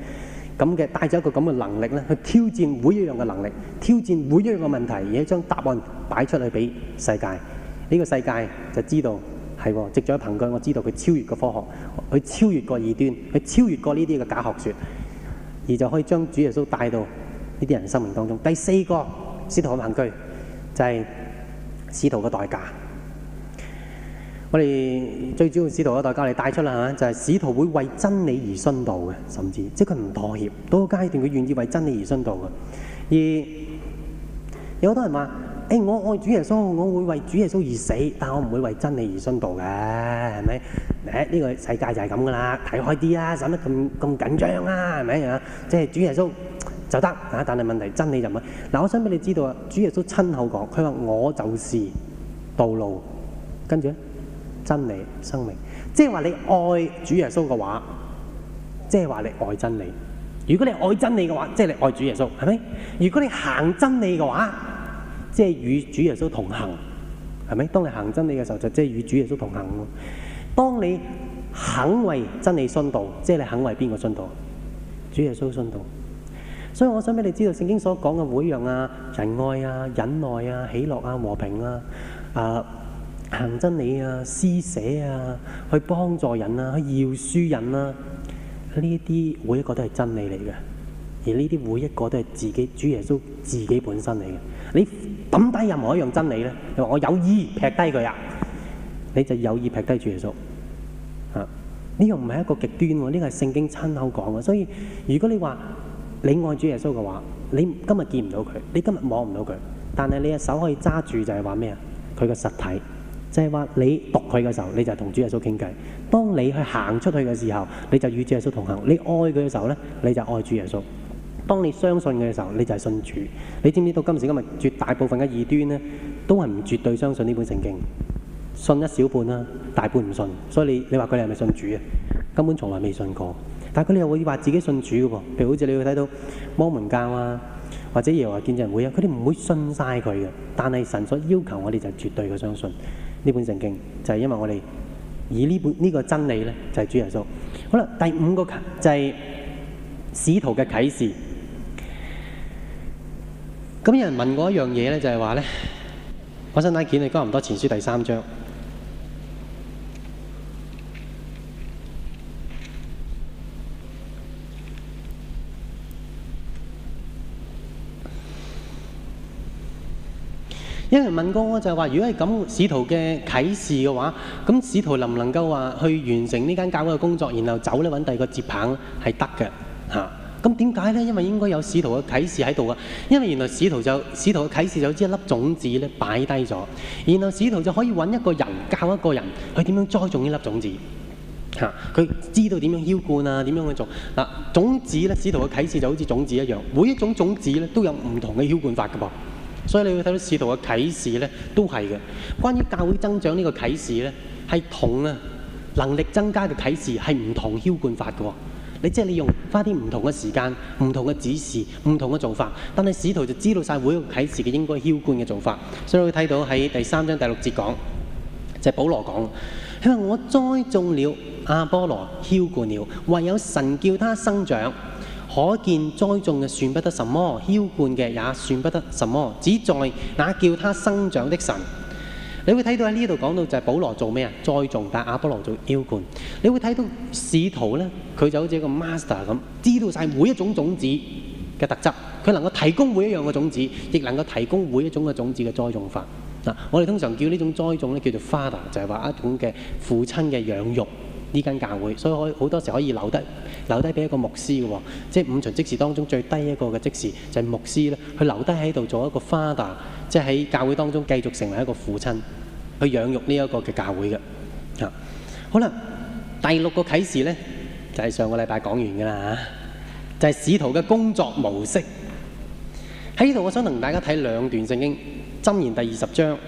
咁嘅帶咗一個咁嘅能力呢，去挑戰每一樣嘅能力，挑戰每一樣嘅問題，而將答案擺出去俾世界，呢個世界就知道。係咗藉著憑據，我知道佢超越過科學，佢超越過異端，佢超越過呢啲嘅假學説，而就可以將主耶穌帶到呢啲人生命當中。第四個使徒憑據就係使徒嘅代價。我哋最主要使徒嘅代價，你帶出啦嚇，就係使徒會為真理而殉道嘅，甚至即係佢唔妥協，到個階段佢願意為真理而殉道嘅。而有好多人話。欸、我愛主耶穌，我會為主耶穌而死，但我唔會為真理而殉道嘅，係咪？誒、欸、呢、這個世界就係咁噶啦，睇開啲啊，使乜咁咁緊張啊？係咪啊？即、就、係、是、主耶穌就得啊，但係問題真理就唔係。嗱、啊，我想俾你知道啊，主耶穌親口講，佢話我就是道路，跟住咧真理生命，即係話你愛主耶穌嘅話，即係話你愛真理。如果你愛真理嘅話，即、就、係、是、你愛主耶穌，係咪？如果你行真理嘅話，即係與主耶穌同行，係咪？當你行真理嘅時候，就即係與主耶穌同行咯。當你肯為真理殉道，即係你肯為邊個殉道？主耶穌殉道。所以我想俾你知道，聖經所講嘅會讓啊、仁愛啊、忍耐啊、喜樂啊、和平啊、啊行真理啊、施捨啊，去幫助人啊、去要書人啦、啊，呢一啲每一個都係真理嚟嘅，而呢啲每一個都係自己主耶穌自己本身嚟嘅。你抌低任何一樣真理咧，你話我有意劈低佢啊，你就有意劈低主耶穌啊。呢個唔係一個極端喎，呢個係聖經親口講嘅。所以如果你話你愛主耶穌嘅話，你今日見唔到佢，你今日摸唔到佢，但係你隻手可以揸住就係話咩啊？佢個實體就係話你讀佢嘅時候，你就同主耶穌傾偈；當你去行出去嘅時候，你就與主耶穌同行。你愛佢嘅時候咧，你就愛主耶穌。當你相信嘅時候，你就係信主。你知唔知到今時今日，絕大部分嘅異端呢，都係唔絕對相信呢本聖經，信一小半啦，大半唔信。所以你你話佢哋係咪信主啊？根本從來未信過。但係佢哋又會話自己信主嘅喎。譬如好似你會睇到摩門教啊，或者耶華見證會啊，佢哋唔會信曬佢嘅。但係神所要求我哋就係絕對嘅相信呢本聖經，就係因為我哋以呢本、呢個真理呢，就係主耶穌。好啦，第五個就係使徒嘅啟示。咁有人問過一樣嘢咧，就係話咧，我想睇《堅》你哥林多前書第三章。有人問過我，就係話，如果係咁，使徒嘅啟示嘅話，咁使徒能唔能夠話去完成呢間教會嘅工作，然後走咧揾第二個接棒係得嘅嚇？咁點解呢？因為應該有使徒嘅啟示喺度啊！因為原來使徒就使徒嘅啟示就好似一粒種子咧擺低咗，然後使徒就可以揾一個人教一個人去點樣栽種呢粒種子嚇。佢、啊、知道點樣澆灌啊，點樣去做嗱、啊、種子咧。使徒嘅啟示就好似種子一樣，每一種種子咧都有唔同嘅澆灌法噶噃。所以你睇到使徒嘅啟示呢都係嘅。關於教會增長呢個啟示呢，係同啊能力增加嘅啟示係唔同澆灌法噶。你即係你用花啲唔同嘅時間、唔同嘅指示、唔同嘅做法，但係使徒就知道曬會啟示嘅應該澆灌嘅做法。所以會睇到喺第三章第六節講，就係、是、保羅講，佢話我栽種了阿波羅澆灌了，唯有神叫他生長。可見栽種嘅算不得什麼，澆灌嘅也算不得什麼，只在那叫他生長的神。你會睇到喺呢度講到就係保羅做咩呀？栽種，但阿波羅做澆灌。你會睇到使徒呢，佢就好似一個 master 咁，知道晒每一種種子嘅特質，佢能夠提供每一樣嘅種子，亦能夠提供每一種嘅種子嘅栽種法。嗱，我哋通常叫呢種栽種呢，叫做 father，就係話一種嘅父親嘅養育。呢間教會，所以可好多時可以留低，留低俾一個牧師嘅喎，即係五層職事當中最低一個嘅職事就係、是、牧師咧，佢留低喺度做一個 Father，即係喺教會當中繼續成為一個父親，去養育呢一個嘅教會嘅。嚇、啊，好啦，第六個啟示呢，就係、是、上個禮拜講完嘅啦就係、是、使徒嘅工作模式。喺呢度我想同大家睇兩段聖經，箴言第二十章。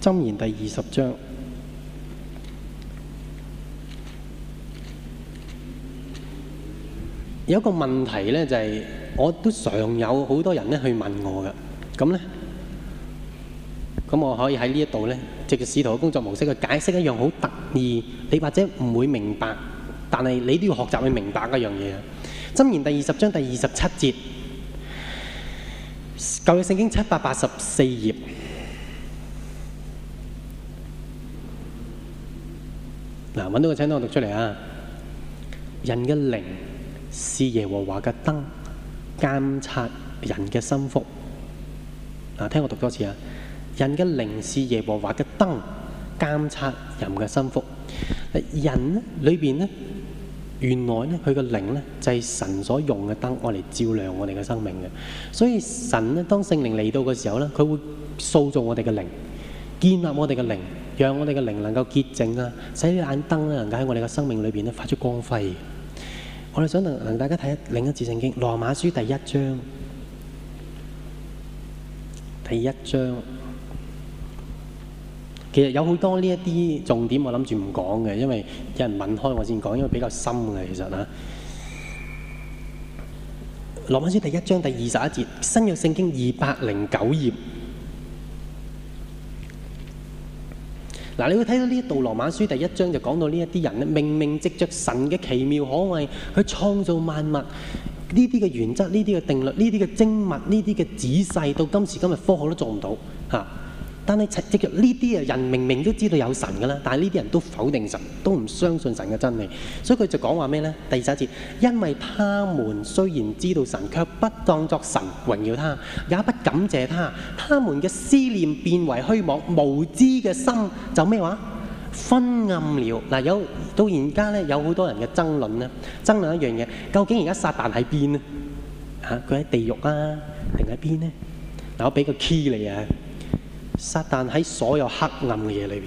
箴言第二十章有一個問題呢，就係、是、我都常有好多人去問我噶。咁呢，咁我可以喺呢一度呢，即係使徒嘅工作模式去解釋一樣好特異，你或者唔會明白，但係你都要學習去明白一樣嘢啊！箴言第二十章第二十七節，舊約聖經七百八十四頁。嗱，揾到個請單，我讀出嚟啊！人嘅靈是耶和華嘅燈，監察人嘅心腹。嗱，聽我讀多次啊！人嘅靈是耶和華嘅燈，監察人嘅心腹。人呢裏邊呢，原來呢佢嘅靈呢就係、是、神所用嘅燈，愛嚟照亮我哋嘅生命嘅。所以神呢，當聖靈嚟到嘅時候呢，佢會塑造我哋嘅靈，建立我哋嘅靈。讓我哋嘅靈能夠潔淨啊，使呢眼燈啊，能夠喺我哋嘅生命裏邊咧發出光輝。我哋想能大家睇另一節聖經，《羅馬書》第一章，第一章。其實有好多呢一啲重點，我諗住唔講嘅，因為有人問開我先講，因為比較深嘅其實啊，《羅馬書》第一章第二十一節，新約聖經二百零九頁。你會睇到呢度《羅馬書》第一章就講到，呢啲人明明藉著神嘅奇妙可愛去創造萬物，呢啲嘅原則、呢啲嘅定律、呢啲嘅精密、呢啲嘅仔細，到今時今日科學都做唔到，啊。但係呢啲啊，人明明都知道有神噶啦，但係呢啲人都否定神，都唔相信神嘅真理，所以佢就講話咩呢？第三節，因為他們雖然知道神，卻不當作神榮耀他，也不感謝他，他們嘅思念變為虛妄，無知嘅心就咩話昏暗了。嗱，有到而家呢，有好多人嘅爭論咧，爭論一樣嘢，究竟而家撒旦喺邊啊？嚇，佢喺地獄啊，定喺邊呢？嗱，我俾個 key 你啊！撒旦喺所有黑暗嘅嘢裏邊，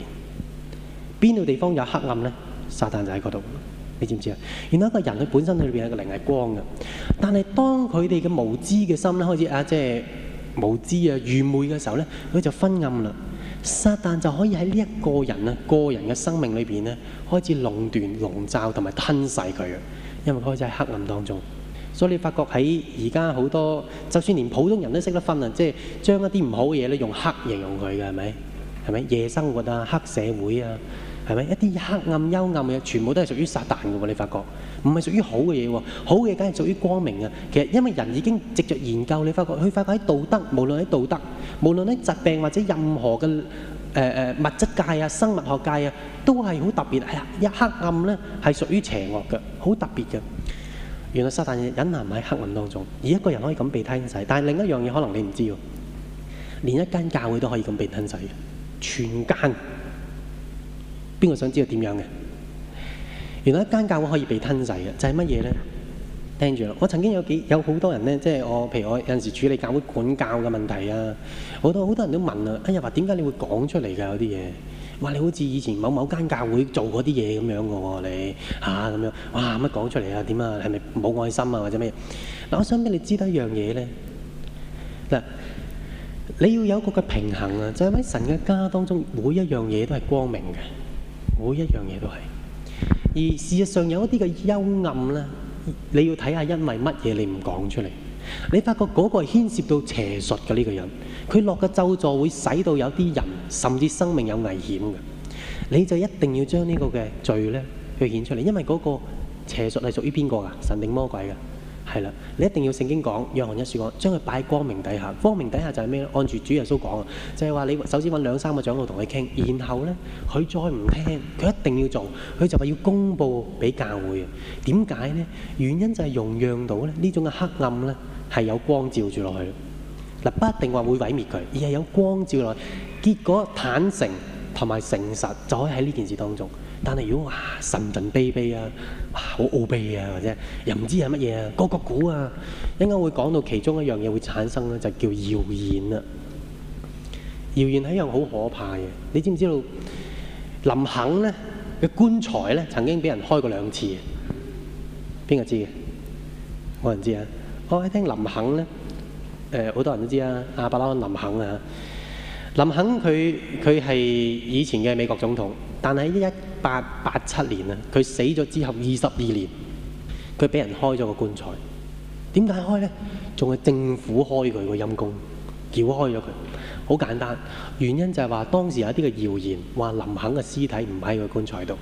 邊度地方有黑暗呢？撒旦就喺嗰度，你知唔知啊？原來一個人佢本身佢裏邊嘅靈係光嘅，但係當佢哋嘅無知嘅心咧開始啊，即係無知啊、愚昧嘅時候呢，佢就昏暗啦。撒旦就可以喺呢一個人啊，個人嘅生命裏邊呢，開始壟斷、籠罩同埋吞噬佢啊，因為佢開始喺黑暗當中。所以你發覺喺而家好多，就算連普通人都識得分啊，即係將一啲唔好嘅嘢咧用黑形容佢嘅，係咪？係咪夜生活啊、黑社會啊，係咪一啲黑暗幽暗嘅嘢，全部都係屬於撒旦嘅喎？你發覺唔係屬於好嘅嘢喎，好嘅梗係屬於光明啊。其實因為人已經藉著研究，你發覺去發覺喺道德，無論喺道德，無論喺疾病或者任何嘅誒誒物質界啊、生物學界啊，都係好特別。係啊，一黑暗咧係屬於邪惡嘅，好特別嘅。原來撒但隱含喺黑暗當中，而一個人可以咁被吞噬。但係另一樣嘢可能你唔知喎，連一間教會都可以咁被吞噬嘅全間。邊個想知道點樣嘅？原來一間教會可以被吞噬嘅就係乜嘢咧？聽住啦，我曾經有幾有好多人咧，即係我譬如我有陣時處理教會管教嘅問題啊，好多好多人都問啊，哎呀話點解你會講出嚟㗎？有啲嘢。話你好似以前某某間教會做嗰啲嘢咁樣嘅喎，你嚇咁樣哇乜講出嚟啊？點啊？係咪冇愛心啊？或者咩？嗱，我想畀你知得一樣嘢咧嗱，你要有個嘅平衡啊，就係喺神嘅家當中，每一樣嘢都係光明嘅，每一樣嘢都係而事實上有一啲嘅幽暗咧，你要睇下因為乜嘢你唔講出嚟。你發覺嗰個係牽涉到邪術嘅呢個人，佢落個咒助會使到有啲人甚至生命有危險嘅，你就一定要將呢個嘅罪呢去顯出嚟。因為嗰個邪術係屬於邊個噶？神定魔鬼嘅，係啦，你一定要聖經講，約翰一書講，將佢擺光明底下，光明底下就係咩咧？按住主耶穌講啊，就係話你首先揾兩三個長老同佢傾，然後呢，佢再唔聽，佢一定要做，佢就話要公布俾教會啊？點解呢？原因就係容讓到咧呢種嘅黑暗呢。係有光照住落去，嗱，不一定話會毀滅佢，而係有光照落去。結果坦誠同埋誠實就可以喺呢件事當中。但係如果話、啊、神神秘秘啊，哇、啊，好奧秘啊，或者又唔知係乜嘢啊，個個股啊，一陣間會講到其中一樣嘢會產生咧，就叫謠言啦。謠言係一樣好可怕嘅。你知唔知道林肯咧嘅棺材咧曾經俾人開過兩次？邊個知嘅？冇人知啊。我一聽林肯呢，呃，好多人都知啊，阿伯拉罕林肯啊，林肯佢佢係以前嘅美國總統，但係一八八七年啊，佢死咗之後二十二年，佢俾人開咗個棺材，點解開呢？仲係政府開佢個陰公，撬開咗佢。好簡單，原因就係話當時有啲嘅謠言話林肯嘅屍體唔喺個棺材度。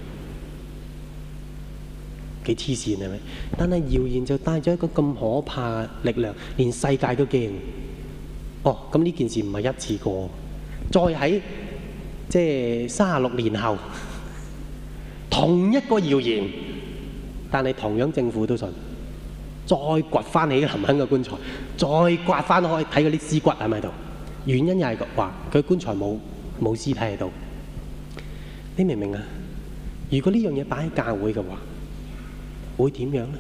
你黐線係咪？但係謠言就帶咗一個咁可怕力量，連世界都驚哦。咁呢件事唔係一次過，再喺即係三十六年後，同一個謠言，但係同樣政府都信，再掘翻起林肯嘅棺材，再掘翻開睇嗰啲屍骨係咪度？原因又係話佢棺材冇冇屍體喺度。你明唔明啊？如果呢樣嘢擺喺教會嘅話，會點樣呢？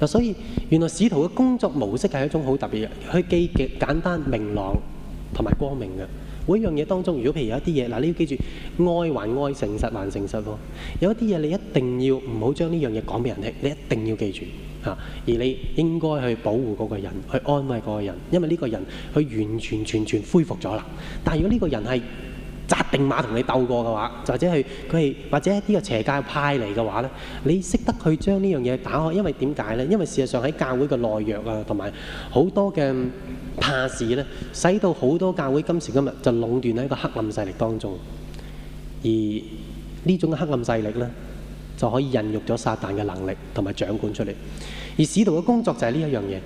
嗱，所以原來使徒嘅工作模式係一種好特別嘅，佢記極簡單、明朗同埋光明嘅。喎，每一樣嘢當中，如果譬如有一啲嘢，嗱，你要記住，愛還愛，誠實還誠實喎。有一啲嘢你一定要唔好將呢樣嘢講俾人聽，你一定要記住嚇。而你應該去保護嗰個人，去安慰嗰個人，因為呢個人佢完完全全恢復咗啦。但係如果呢個人係，紮定馬同你鬥過嘅話，或者係佢係或者呢個邪教派嚟嘅話咧，你識得去將呢樣嘢打開，因為點解咧？因為事實上喺教會嘅懦弱啊，同埋好多嘅怕事咧，使到好多教會今時今日就壟斷喺一個黑暗勢力當中。而呢種黑暗勢力咧，就可以孕育咗撒但嘅能力同埋掌管出嚟。而使徒嘅工作就係呢一樣嘢，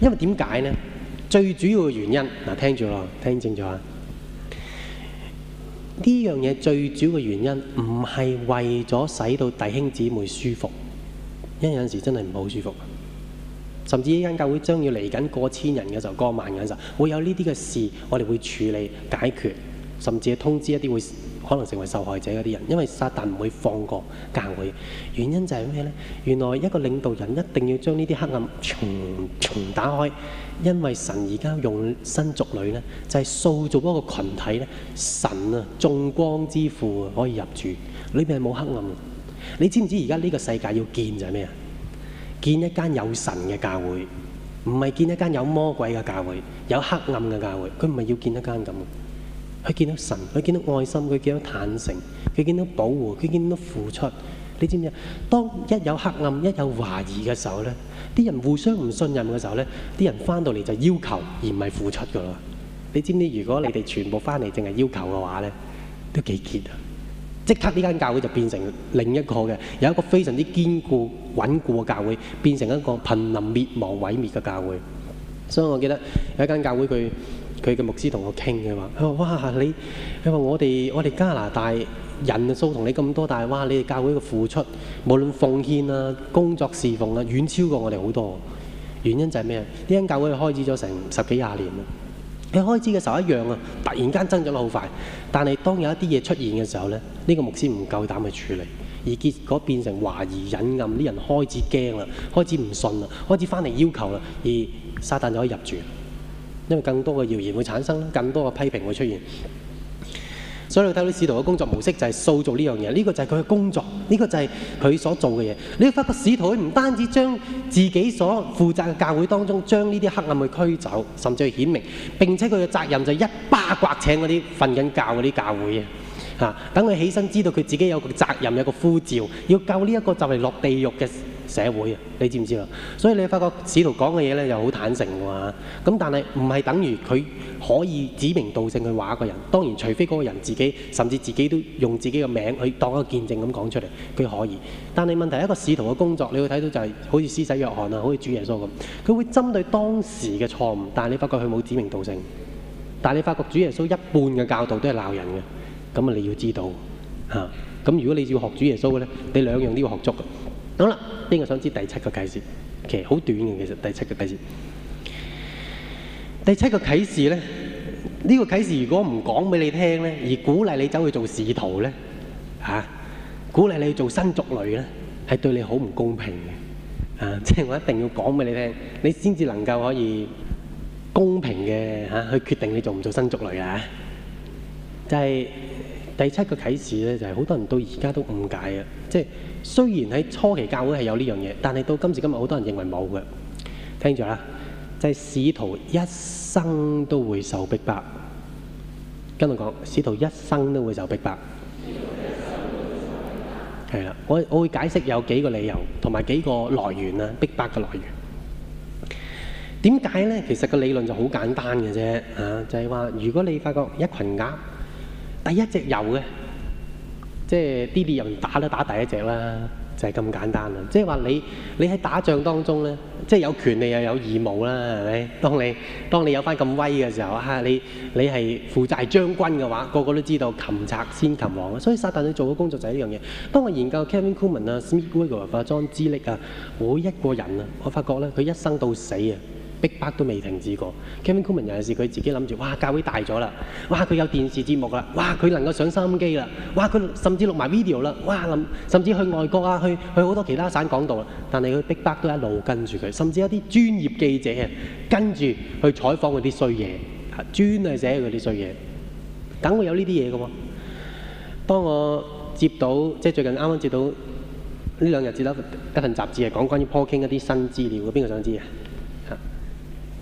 因為點解咧？最主要嘅原因嗱，聽住咯，聽清楚啊！呢樣嘢最主要嘅原因唔係為咗使到弟兄姊妹舒服，因為有陣時真係唔好舒服，甚至呢間教會將要嚟緊過千人嘅時候，過萬人嘅時候，會有呢啲嘅事，我哋會處理解決，甚至通知一啲會。可能成為受害者嗰啲人，因為撒旦唔會放過教會。原因就係咩呢？原來一個領導人一定要將呢啲黑暗重重打開，因為神而家用新族類呢，就係、是、塑造一個群體呢，神啊眾光之父啊，可以入住，裏面係冇黑暗。你知唔知而家呢個世界要建就係咩啊？建一間有神嘅教會，唔係建一間有魔鬼嘅教會，有黑暗嘅教會，佢唔係要建一間咁佢見到神，佢見到愛心，佢見到坦誠，佢見到保護，佢見到付出。你知唔知啊？當一有黑暗、一有懷疑嘅時候呢，啲人互相唔信任嘅時候呢，啲人翻到嚟就要求而唔係付出噶啦。你知唔知？如果你哋全部翻嚟淨係要求嘅話呢，都幾結啊！即刻呢間教會就變成另一個嘅，有一個非常之堅固穩固嘅教會，變成一個瀕臨滅亡毀滅嘅教會。所以我記得有一間教會佢。佢嘅牧師同我傾，嘅話：佢話哇，你佢話我哋我哋加拿大人數同你咁多，大。」「哇，你哋教會嘅付出，無論奉獻啦、啊、工作侍奉啦、啊，遠超過我哋好多。原因就係咩？呢間教會開始咗成十幾廿年啦，佢開始嘅時候一樣啊，突然間增長得好快。但係當有一啲嘢出現嘅時候咧，呢、這個牧師唔夠膽去處理，而結果變成懷疑隱暗，啲人開始驚啦，開始唔信啦，開始翻嚟要求啦，而撒旦就可以入住。因為更多嘅謠言會產生，更多嘅批評會出現。所以你睇到啲使徒嘅工作模式就係塑造呢樣嘢，呢個就係佢嘅工作，呢個就係佢所做嘅嘢。你會發覺使徒佢唔單止將自己所負責嘅教會當中將呢啲黑暗去驅走，甚至去顯明。並且佢嘅責任就係一巴刮醒嗰啲瞓緊覺嗰啲教會啊！嚇，等佢起身，知道佢自己有個責任，有個呼召，要救呢一個就嚟落地獄嘅。社會啊，你知唔知啊？所以你發覺使徒講嘅嘢咧又好坦誠喎。咁但係唔係等於佢可以指名道姓去話一個人？當然，除非嗰個人自己甚至自己都用自己嘅名去當一個見證咁講出嚟，佢可以。但係問題一個使徒嘅工作，你會睇到就係好似施洗約翰啊，好似主耶穌咁，佢會針對當時嘅錯誤。但係你發覺佢冇指名道姓。但係你發覺主耶穌一半嘅教導都係鬧人嘅，咁啊你要知道嚇。咁、啊、如果你要學主耶穌咧，你兩樣都要學足。好啦，邊個想知第七個啟示，其實好短嘅。其實第七個啟示，第七個啟示咧，呢個啟示如果唔講俾你聽咧，而鼓勵你走去做使徒咧，嚇，鼓勵你去做新族類咧，係對你好唔公平嘅。啊，即係我一定要講俾你聽，你先至能夠可以公平嘅嚇去決定你做唔做新族類啊。就係第七個啟示咧，就係好多人到而家都誤解啊，即係。雖然喺初期教會係有呢樣嘢，但係到今時今日，好多人認為冇嘅。聽住啦，就係使徒一生都會受逼迫。跟我講，使徒一生都會受逼迫。係啦，我我會解釋有幾個理由同埋幾個來源啦，逼迫嘅來源。點解呢？其實個理論就好簡單嘅啫，嚇就係話，如果你發覺一群鴨，第一隻有嘅。即係啲啲人打都打第一隻啦，就係、是、咁簡單啦。即係話你你喺打仗當中咧，即係有權利又有義務啦，係咪？當你當你有翻咁威嘅時候嚇、啊，你你係負責係將軍嘅話，個個都知道擒賊先擒王啊。所以撒旦你做嘅工作就係呢樣嘢。當我研究 Kevin Kuhlman 啊、Smith Wigglesworth 化妝資歷啊，每一個人啊，我發覺咧，佢一生到死啊。逼迫都未停止過。Kevin Coleman 有陣時佢自己諗住，哇教會大咗啦，哇佢有電視節目噶啦，哇佢能夠上收音機啦，哇佢甚至錄埋 video 啦，哇諗甚至去外國啊，去去好多其他省講道啦。但係佢逼迫都一路跟住佢，甚至一啲專業記者啊跟住去採訪佢啲衰嘢，專係寫佢啲衰嘢。梗會有呢啲嘢嘅喎。當我接到即係、就是、最近啱啱接到呢兩日接到一份雜誌係講關於 Paul King 一啲新資料嘅，邊個想知啊？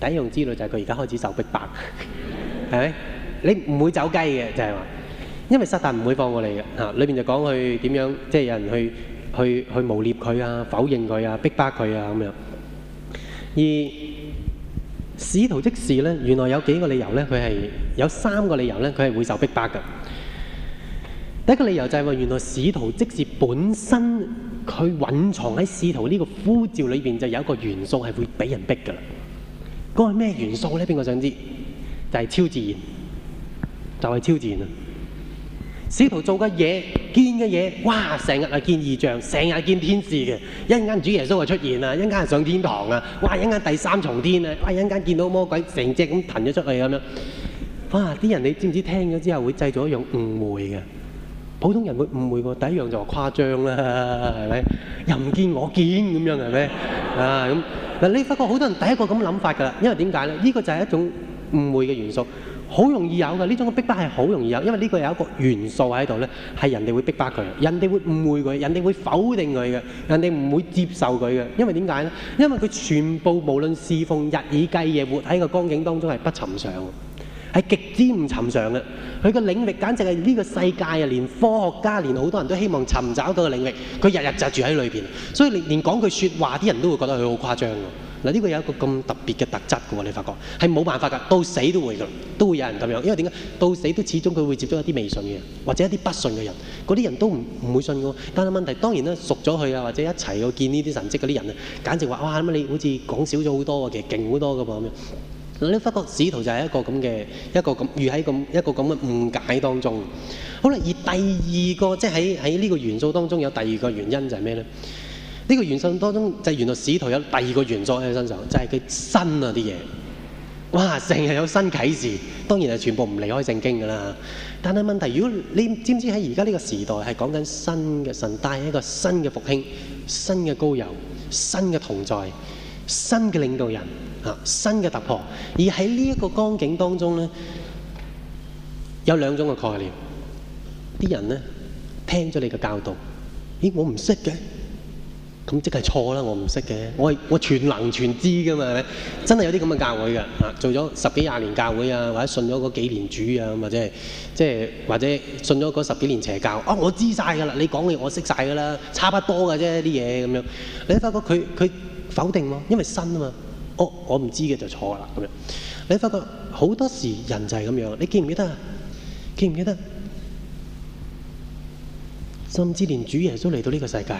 第一樣資料就係佢而家開始受逼迫，係咪？你唔會走雞嘅，就係話，因為撒但唔會放過你嘅嚇。裏邊就講佢點樣，即係有人去去去誣衊佢啊、否認佢啊、逼迫佢啊咁樣。而使徒即時呢，原來有幾個理由呢，佢係有三個理由呢，佢係會受逼迫嘅。第一個理由就係話，原來使徒即時本身佢隱藏喺使徒呢個呼召裏邊，就有一個元素係會俾人逼嘅啦。嗰個咩元素咧？邊個想知？就係、是、超自然，就係、是、超自然啊！使徒做嘅嘢、見嘅嘢，哇！成日係見異象，成日見天使嘅，一陣間主耶穌就出現啦，一陣間係上天堂啦，哇！一陣間第三重天啊，哇！一陣間見到魔鬼成隻咁騰咗出嚟咁樣，哇！啲人你知唔知聽咗之後會製造一樣誤會嘅？普通人會誤會喎，第一樣就話誇張啦，係咪？又唔見我見咁樣係咪？是 啊咁。嗱，你發覺好多人第一個咁諗法㗎啦，因為點解咧？呢個就係一種誤會嘅元素，好容易有㗎。呢種逼迫係好容易有，因為呢個有一個元素喺度咧，係人哋會逼迫佢，人哋會誤會佢，人哋會否定佢嘅，人哋唔會接受佢嘅。因為點解咧？因為佢全部無論侍奉、日以繼夜，活喺個光景當中係不尋常。係極之唔尋常嘅，佢個領域簡直係呢個世界啊！連科學家，連好多人都希望尋找嗰個領域。佢日日就住喺裏邊，所以連講句説話啲人都會覺得佢好誇張。嗱，呢個有一個咁特別嘅特質㗎喎，你發覺係冇辦法㗎，到死都會㗎，都會有人咁樣。因為點解？到死都始終佢會接觸一啲未信嘅人，或者一啲不信嘅人。嗰啲人都唔唔會信㗎喎。但係問題當然啦，熟咗佢啊，或者一齊去見呢啲神蹟嗰啲人啊，簡直話哇，你好似講少咗好多喎，其實勁好多㗎噃咁樣。嗱，你發覺使徒就係一個咁嘅一個咁遇喺咁一個咁嘅誤解當中。好啦，而第二個即係喺喺呢個元素當中，有第二個原因就係咩咧？呢個元素當中就係原來使徒有第二個元素喺身上，就係佢新啊啲嘢。哇！成日有新啟示，當然係全部唔離開聖經㗎啦。但係問題，如果你知唔知喺而家呢個時代係講緊新嘅神帶一個新嘅復興、新嘅膏油、新嘅同在、新嘅領導人？新嘅突破，而喺呢一個光景當中咧，有兩種嘅概念。啲人咧聽咗你嘅教導，咦？我唔識嘅，咁即係錯啦！我唔識嘅，我我全能全知噶嘛，真係有啲咁嘅教會噶啊！做咗十幾廿年教會啊，或者信咗嗰幾年主啊，或者係即係或者信咗嗰十幾年邪教，哦、啊，我知晒噶啦，你講嘅我識晒噶啦，東西差不多嘅啫啲嘢咁樣。你發覺佢佢否定喎，因為新啊嘛。我我唔知嘅就錯啦，咁樣，你發覺好多時人就係咁樣，你記唔記得啊？記唔記得？甚至連主耶穌嚟到呢個世界，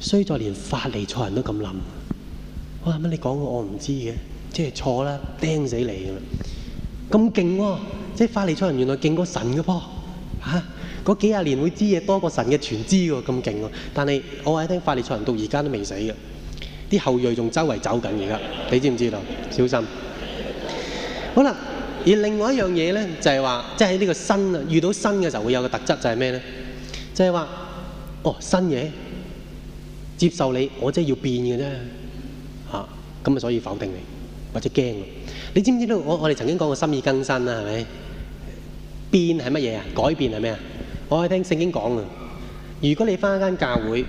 衰在連法利賽人都咁諗，哇！乜你講我唔知嘅，即係錯啦，釘死你咁樣。咁勁喎，即係法利賽人原來勁過神嘅噃、啊，嗰、啊、幾十年會知道多過神嘅全知喎、啊，咁勁喎。但係我係聽法利賽人到而家都未死嘅啲後裔仲周圍走緊而家，你知唔知道？小心。好啦，而另外一樣嘢咧，就係話，即係呢個新啊，遇到新嘅時候會有個特質就是什麼呢，就係咩咧？就係話，哦，新嘢接受你，我即係要變嘅啫。嚇，咁啊，所以否定你或者驚我。你知唔知道？我我哋曾經講過心意更新啦，係咪？變係乜嘢啊？改變係咩啊？我係聽聖經講嘅。如果你翻一間教會。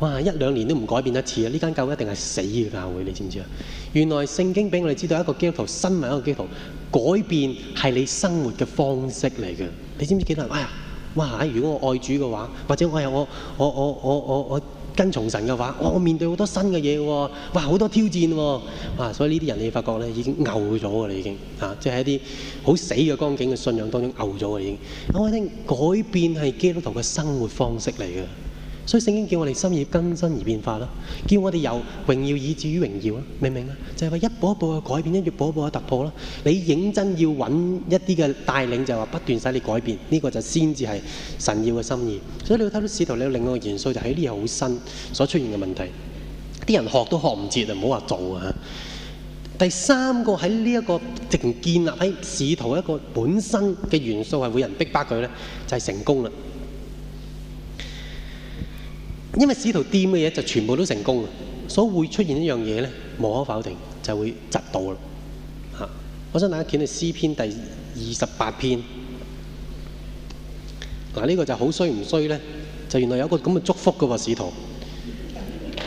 哇！一兩年都唔改變一次啊！呢間教會一定係死嘅教會，你知唔知啊？原來聖經俾我哋知道一個基督徒新聞一個基督徒，改變係你生活嘅方式嚟嘅。你知唔知幾多人？哎呀！哇！如果我愛主嘅話，或者我係我我我我我我跟從神嘅話，我我面對好多新嘅嘢喎！哇！好多挑戰喎！啊！所以呢啲人你發覺咧已經嘔咗㗎啦，已經啊，即係一啲好死嘅光景嘅信仰當中嘔咗㗎已經。我聽改變係基督徒嘅生活方式嚟㗎。所以聖經叫我哋心意更新而變化啦，叫我哋由榮耀以至於榮耀啦，明唔明啊？就係話一步一步去改變，一步一步去突破啦。你認真要揾一啲嘅帶領，就係話不斷使你改變，呢個就先至係神要嘅心意。所以你睇到使徒，你有另外嘅元素，就喺呢度好新所出現嘅問題，啲人學都學唔切就唔好話做啊。第三個喺呢一個直情建立，喺使徒一個本身嘅元素係會人逼迫佢咧，就係成功啦。因為使徒掂嘅嘢就全部都成功了，所以會出現一樣嘢咧，無可否定就會窒到、啊、我想大家見《詩篇》第二十八篇，嗱、啊、呢、呢個就好衰唔衰呢？就原來有個咁嘅祝福嘅喎、啊，使徒。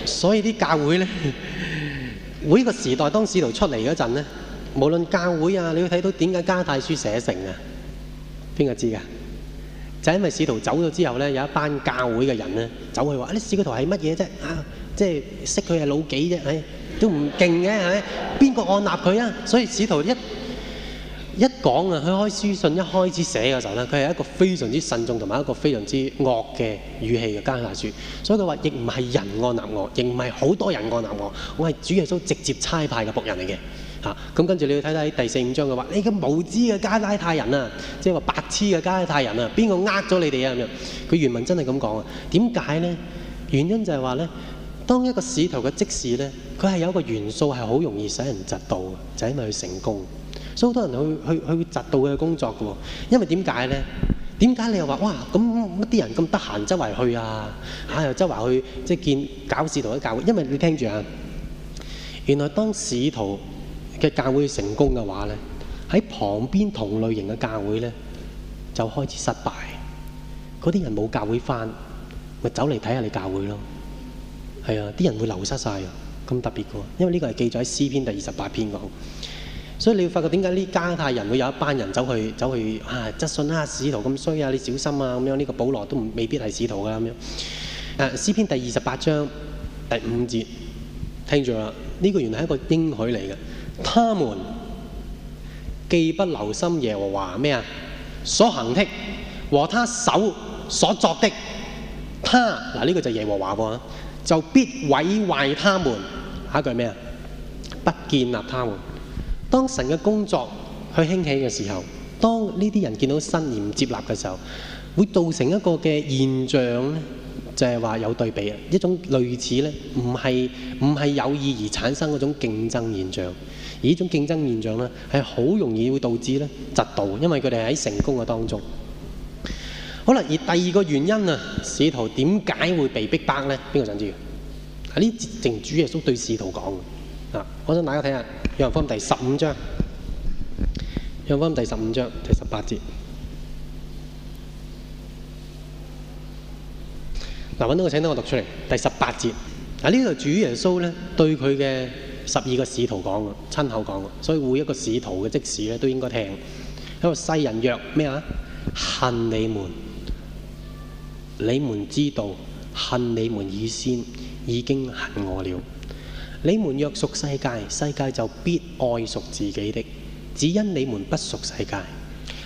所以啲教會呢，每個時代當使徒出嚟嗰陣，無論教會啊，你要睇到點解加太書寫成啊？邊個知啊？就係因為使徒走咗之後咧，有一班教會嘅人咧走去話：啊，你使徒係乜嘢啫？啊，即係識佢係老幾啫？唉、哎，都唔勁嘅係咪？哎，邊個按立佢啊？所以使徒一一講啊，佢開書信一開始寫嘅時候咧，佢係一個非常之慎重同埋一個非常之惡嘅語氣嘅加拉太書。所以佢話：亦唔係人按立我，亦唔係好多人按立我，我係主耶穌直接差派嘅僕人嚟嘅。咁、啊、跟住，你要睇睇第四五章嘅話，你個無知嘅加拉太人啊，即係話白痴嘅加拉太人啊，邊個呃咗你哋啊？咁樣佢原文真係咁講啊？點解呢？原因就係話呢，當一個使徒嘅職事呢，佢係有一個元素係好容易使人窒到嘅，就係、是、因為佢成功，所以好多人去去去窒到佢嘅工作嘅喎。因為點解呢？點解你又話哇咁乜啲人咁得閒，周圍去啊？啊又周圍去即係、就是、見搞使徒嘅教會，因為你聽住啊，原來當使徒。嘅教會成功嘅話咧，喺旁邊同類型嘅教會咧就開始失敗。嗰啲人冇教會翻，咪走嚟睇下你教會咯。係啊，啲人會流失晒啊，咁特別嘅。因為呢個係記載喺詩篇第二十八篇講，所以你要發覺點解呢加太人會有一班人走去走去啊質詢啊，使徒咁衰啊，你小心啊咁樣。呢個保羅都未必係使徒㗎咁樣。誒、啊，詩篇第二十八章第五節聽住啦，呢個原來係一個應許嚟嘅。他們既不留心耶和華咩啊所行的和他手所作的，他嗱呢、這個就係耶和華就必毀壞他們。下一句咩啊？不建立他們。當神嘅工作去興起嘅時候，當呢啲人見到新而唔接納嘅時候，會造成一個嘅現象咧，就係、是、話有對比啊，一種類似咧，唔係唔係有意而產生嗰種競爭現象。呢種競爭現象咧，係好容易會導致咧嫉妒，因為佢哋喺成功嘅當中。好啦，而第二個原因啊，使徒點解會被逼迫咧？邊個想知？呢節，淨主耶穌對使徒講嘅。嗱、啊，我想大家睇下《約翰福音》第十五章，章《約翰福音》第十五章第十八節。嗱、啊，揾到佢請得我讀出嚟，第十八節。嗱、啊，呢、這、度、個、主耶穌咧對佢嘅。十二個使徒講嘅，親口講嘅，所以每一個使徒嘅即時咧都應該聽。佢話世人若咩啊，恨你們，你們知道恨你們以先已經恨我了。你們若屬世界，世界就必愛屬自己的，只因你們不屬世界，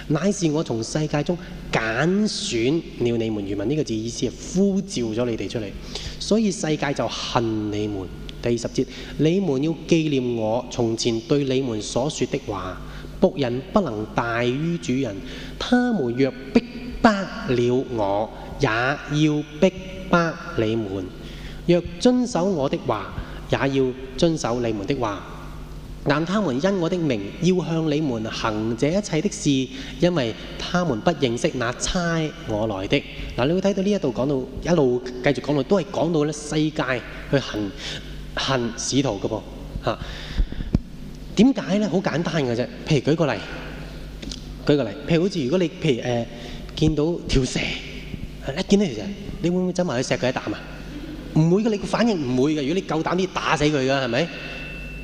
乃是我從世界中揀選了你們。原文呢個字意思係呼召咗你哋出嚟，所以世界就恨你們。第十節，你們要紀念我從前對你們所說的話。僕人不能大於主人。他們若逼迫了我，也要逼迫你們；若遵守我的話，也要遵守你們的話。但他們因我的名要向你們行這一切的事，因為他們不認識那差我來的。嗱，你會睇到呢一度講到一路繼續講到，都係講到呢世界去行。恨使徒嘅噃嚇，點解咧？好簡單嘅啫。譬如舉個例，舉個例，譬如好似如果你譬如誒見到條蛇，一見到條蛇，你會唔會走埋去錫佢一啖啊？唔會嘅，你個反應唔會嘅。如果你夠膽啲打死佢嘅，係咪？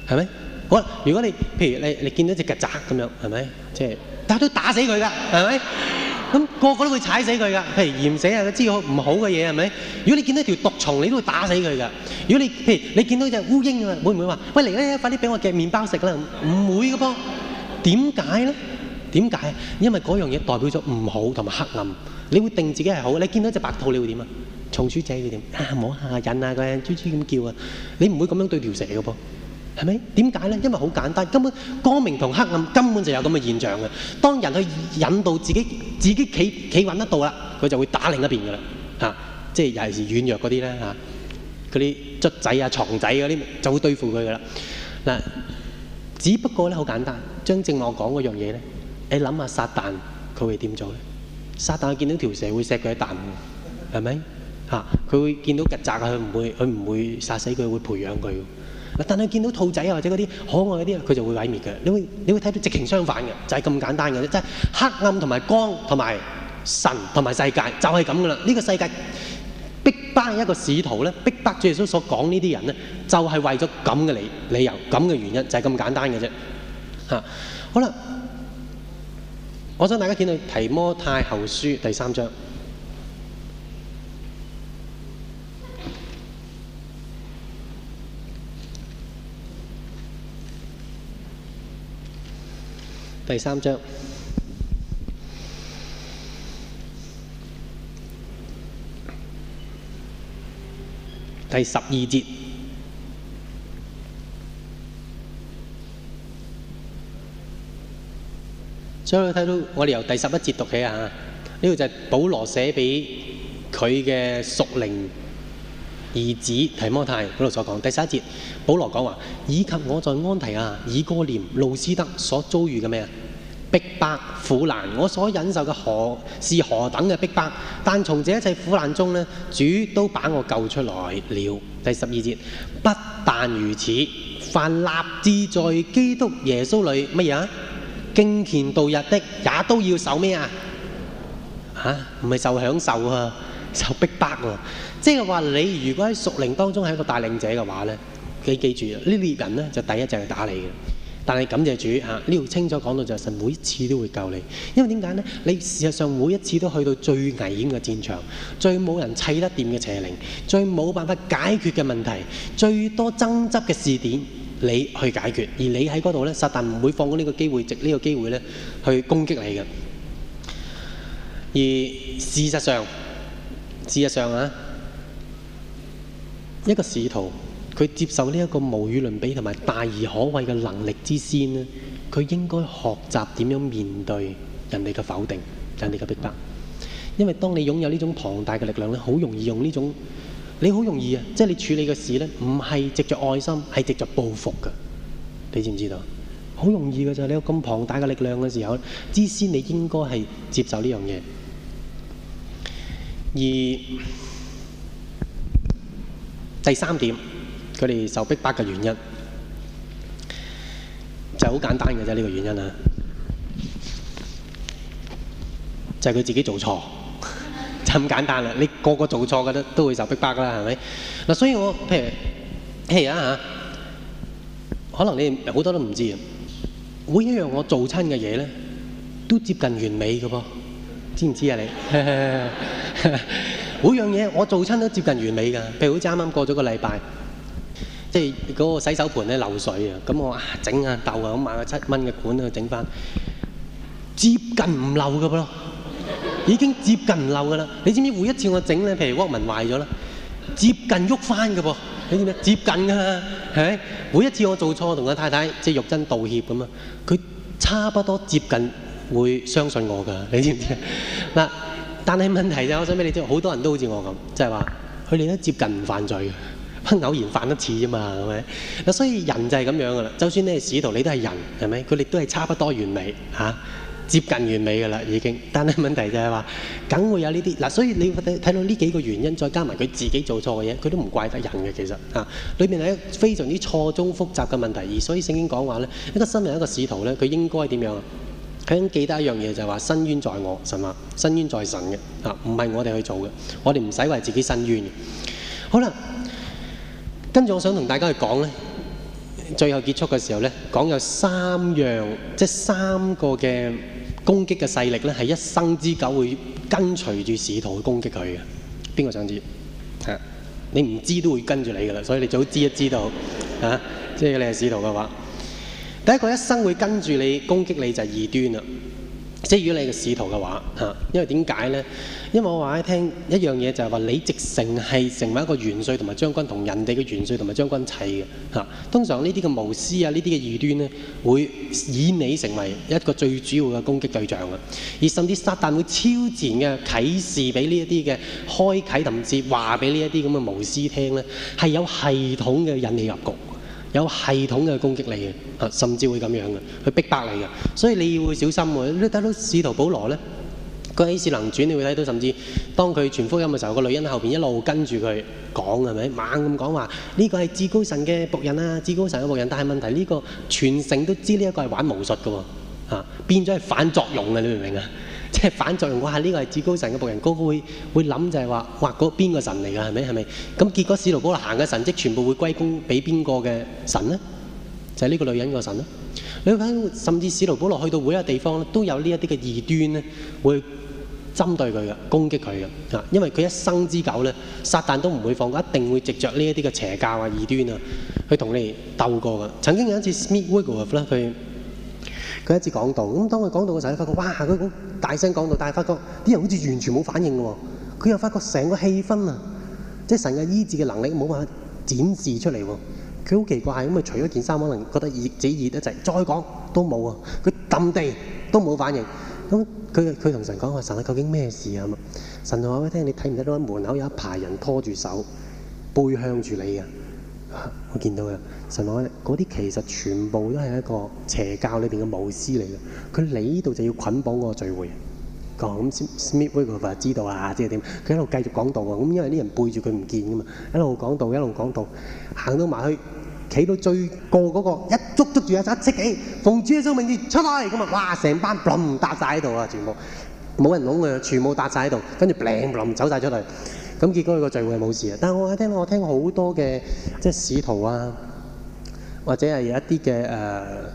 係咪？好啦，如果你譬如你你見到隻曱甴咁樣，係咪？即係，但都打死佢㗎，係咪？咁個個都會踩死佢㗎，譬如嫌死啊，佢知道唔好嘅嘢係咪？如果你見到一條毒蟲，你都會打死佢㗎。如果你譬如你見到隻烏蠅啊，會唔會話：喂，嚟啦，快啲俾我夾麵包食啦？唔會㗎噃，點解咧？點解？因為嗰樣嘢代表咗唔好同埋黑暗。你會定自己係好。你見到隻白兔，你會點啊？松鼠仔你點啊？摸下癮啊，個樣吱吱咁叫啊，你唔會咁樣對條蛇㗎噃。係咪？點解咧？因為好簡單，根本光明同黑暗根本就有咁嘅現象嘅。當人去引導自己，自己企企穩得到啦，佢就會打另一邊嘅啦。嚇，即係尤其是軟弱嗰啲咧，嚇，嗰啲卒仔啊、牀仔嗰啲就會對付佢噶啦。嗱，只不過咧好簡單，張正望講嗰樣嘢咧，你諗下撒旦佢會點做咧？撒旦佢見到條蛇會錫佢一啖，係咪？嚇，佢會見到曱甴，佢唔會，佢唔會殺死佢，會培養佢。但係見到兔仔啊，或者嗰啲可愛嗰啲，佢就會毀滅嘅。你會，你會睇到直情相反嘅，就係咁簡單嘅啫。即係黑暗同埋光，同埋神同埋世界就係咁噶啦。呢個世界逼迫一個使徒咧，逼迫主耶穌所講呢啲人咧，就係為咗咁嘅理理由、咁嘅原因，就係咁簡單嘅啫。嚇，好啦，我想大家睇到《提摩太後書》第三章。第三章，第十二節，將來睇到我哋由第十一節讀起啊，呢個就係保羅寫畀佢嘅屬靈。兒子提摩太嗰度所講，第十一節，保羅講話，以及我在安提阿、以哥念、路斯德所遭遇嘅咩啊？逼迫苦難，我所忍受嘅何是何等嘅逼迫？但從這一切苦難中呢，主都把我救出來了。第十二節，不但如此，凡立志在基督耶穌裏乜嘢敬虔度日的，也都要受咩啊？嚇，唔係受享受㗎、啊。了就逼迫喎，即係話你如果喺屬靈當中係一個帶領者嘅話呢，你記住啦，呢獵人呢就第一就係打你嘅。但係感謝主嚇，呢、啊、度清楚講到就係神每一次都會救你，因為點解呢？你事實上每一次都去到最危險嘅戰場，最冇人砌得掂嘅邪靈，最冇辦法解決嘅問題，最多爭執嘅事點你去解決，而你喺嗰度呢，撒但唔會放過呢個機會，藉呢個機會呢去攻擊你嘅。而事實上，事實上啊，一個使徒，佢接受呢一個無與倫比同埋大而可畏嘅能力之先呢，佢應該學習點樣面對人哋嘅否定、人哋嘅逼迫。因為當你擁有呢種龐大嘅力量咧，好容易用呢種，你好容易啊！即係你處理嘅事咧，唔係藉着愛心，係藉着報復嘅。你知唔知道？好容易嘅就係，你有咁龐大嘅力量嘅時候，之先你應該係接受呢樣嘢。而第三點，佢哋受逼迫嘅原因就係、是、好簡單嘅啫，呢、這個原因啊，就係、是、佢自己做錯， 就咁簡單啦。你個個做錯嘅都都會受逼迫噶啦，係咪？嗱，所以我譬如譬如啊吓，可能你好多都唔知啊，每一樣我做親嘅嘢咧，都接近完美嘅噃。知唔知啊你？ 每樣嘢我做親都接近完美㗎。譬如好似啱啱過咗個禮拜，即係嗰個洗手盤咧漏水啊。咁我啊整下竇啊，咁買個七蚊嘅管去整翻，接近唔漏㗎噃，已經接近唔漏㗎啦。你知唔知？每一次我整咧，譬如 workman 壞咗啦，接近喐翻㗎噃。你知唔知？接近㗎，係咪？每一次我做錯，同個太太即係玉珍道歉咁啊，佢差不多接近。會相信我㗎，你知唔知嗱，但係問題就係、是，我想俾你知，好多人都好似我咁，即係話佢哋都接近唔犯罪嘅，偶然犯一次啫嘛，係咪？嗱，所以人就係咁樣㗎啦。就算你係使徒，你都係人，係咪？佢哋都係差不多完美嚇、啊，接近完美㗎啦，已經。但係問題就係、是、話，梗會有呢啲嗱，所以你睇到呢幾個原因，再加埋佢自己做錯嘅嘢，佢都唔怪得人嘅。其實啊，裏面係一個非常之錯綜複雜嘅問題。而所以聖經講話咧，一個新人一個使徒咧，佢應該點樣啊？佢記得一樣嘢就係話：伸冤在我，神話伸冤在神嘅啊，唔係我哋去做嘅，我哋唔使為自己伸冤嘅。好啦，跟住我想同大家去講咧，最後結束嘅時候咧，講有三樣，即係三個嘅攻擊嘅勢力咧，係一生之久會跟隨住使徒去攻擊佢嘅。邊個想知道？嚇、啊、你唔知道都會跟住你噶啦，所以你早知道一知道嚇、啊，即係你係使徒嘅話。第一個一生會跟住你攻擊你就係異端啦，即係如果你嘅使徒嘅話嚇，因為點解呢？因為我話你聽一樣嘢就係話，你直成係成為一個元帥同埋將軍，同人哋嘅元帥同埋將軍砌嘅嚇。通常呢啲嘅巫師啊，呢啲嘅異端呢，會以你成為一個最主要嘅攻擊對象啊。而甚至撒旦會超前嘅啟示俾呢一啲嘅開啓，甚至話俾呢一啲咁嘅巫師聽呢，係有系統嘅引你入局。有系統嘅攻擊你嘅，啊，甚至會咁樣嘅，佢逼迫你嘅，所以你要小心喎。你睇到使徒保羅咧，個意思能轉，你會睇到甚至當佢傳福音嘅時候，個女人後邊一路跟住佢講嘅係咪？猛咁講話呢個係至高神嘅僕人啊，至高神嘅僕人。但係問題呢、呢個全城都知呢一個係玩巫術嘅喎，啊，變咗係反作用啊！你明唔明啊？即係反作用我話，呢個係至高神嘅僕人高，高高會會諗就係話，哇嗰邊個神嚟㗎？係咪？係咪？咁結果使徒保羅行嘅神蹟，全部會歸功俾邊個嘅神咧？就係、是、呢個女人個神啦。你會發現，甚至使徒保羅去到每一個地方咧，都有呢一啲嘅異端咧，會針對佢嘅，攻擊佢嘅。啊，因為佢一生之久咧，撒旦都唔會放過，一定會藉着呢一啲嘅邪教啊、異端啊，去同你鬥過嘅。曾經有一次，Smith Wigglesworth 咧，佢。佢一直講道，當當佢講道嘅時候，你發覺哇，佢咁大聲講道，但係發覺啲人好似完全冇反應他喎，佢又發覺成個氣氛啊，即、就是、神嘅醫治嘅能力冇辦法展示出嚟喎，佢好奇怪，咁除咗件衫可能覺得熱，自己熱得滯，再講都冇啊，佢揼地都冇反應，咁佢同神講話，神、啊、究竟咩事啊？神就話俾佢聽，你睇唔睇到門口有一排人拖住手，背向住你啊？我見到嘅。嗰啲其實全部都係一個邪教裏邊嘅巫師嚟嘅。佢嚟呢度就要捆綁嗰個聚會。咁 Smithwick 佢話知道啊，即係點？佢一路繼續講道啊。咁因為啲人背住佢唔見噶嘛，一路講道，一路講道，行到埋去，企到最過嗰個一捉捉住啊，一即係奉主聖名出嚟，咁啊，哇！成班冧搭晒喺度啊，全部冇人攏啊，全部搭晒喺度，跟住冧走晒出嚟。咁結果佢個聚會係冇事啊。但係我聽，我聽好多嘅即係使徒啊。或者係有一啲嘅誒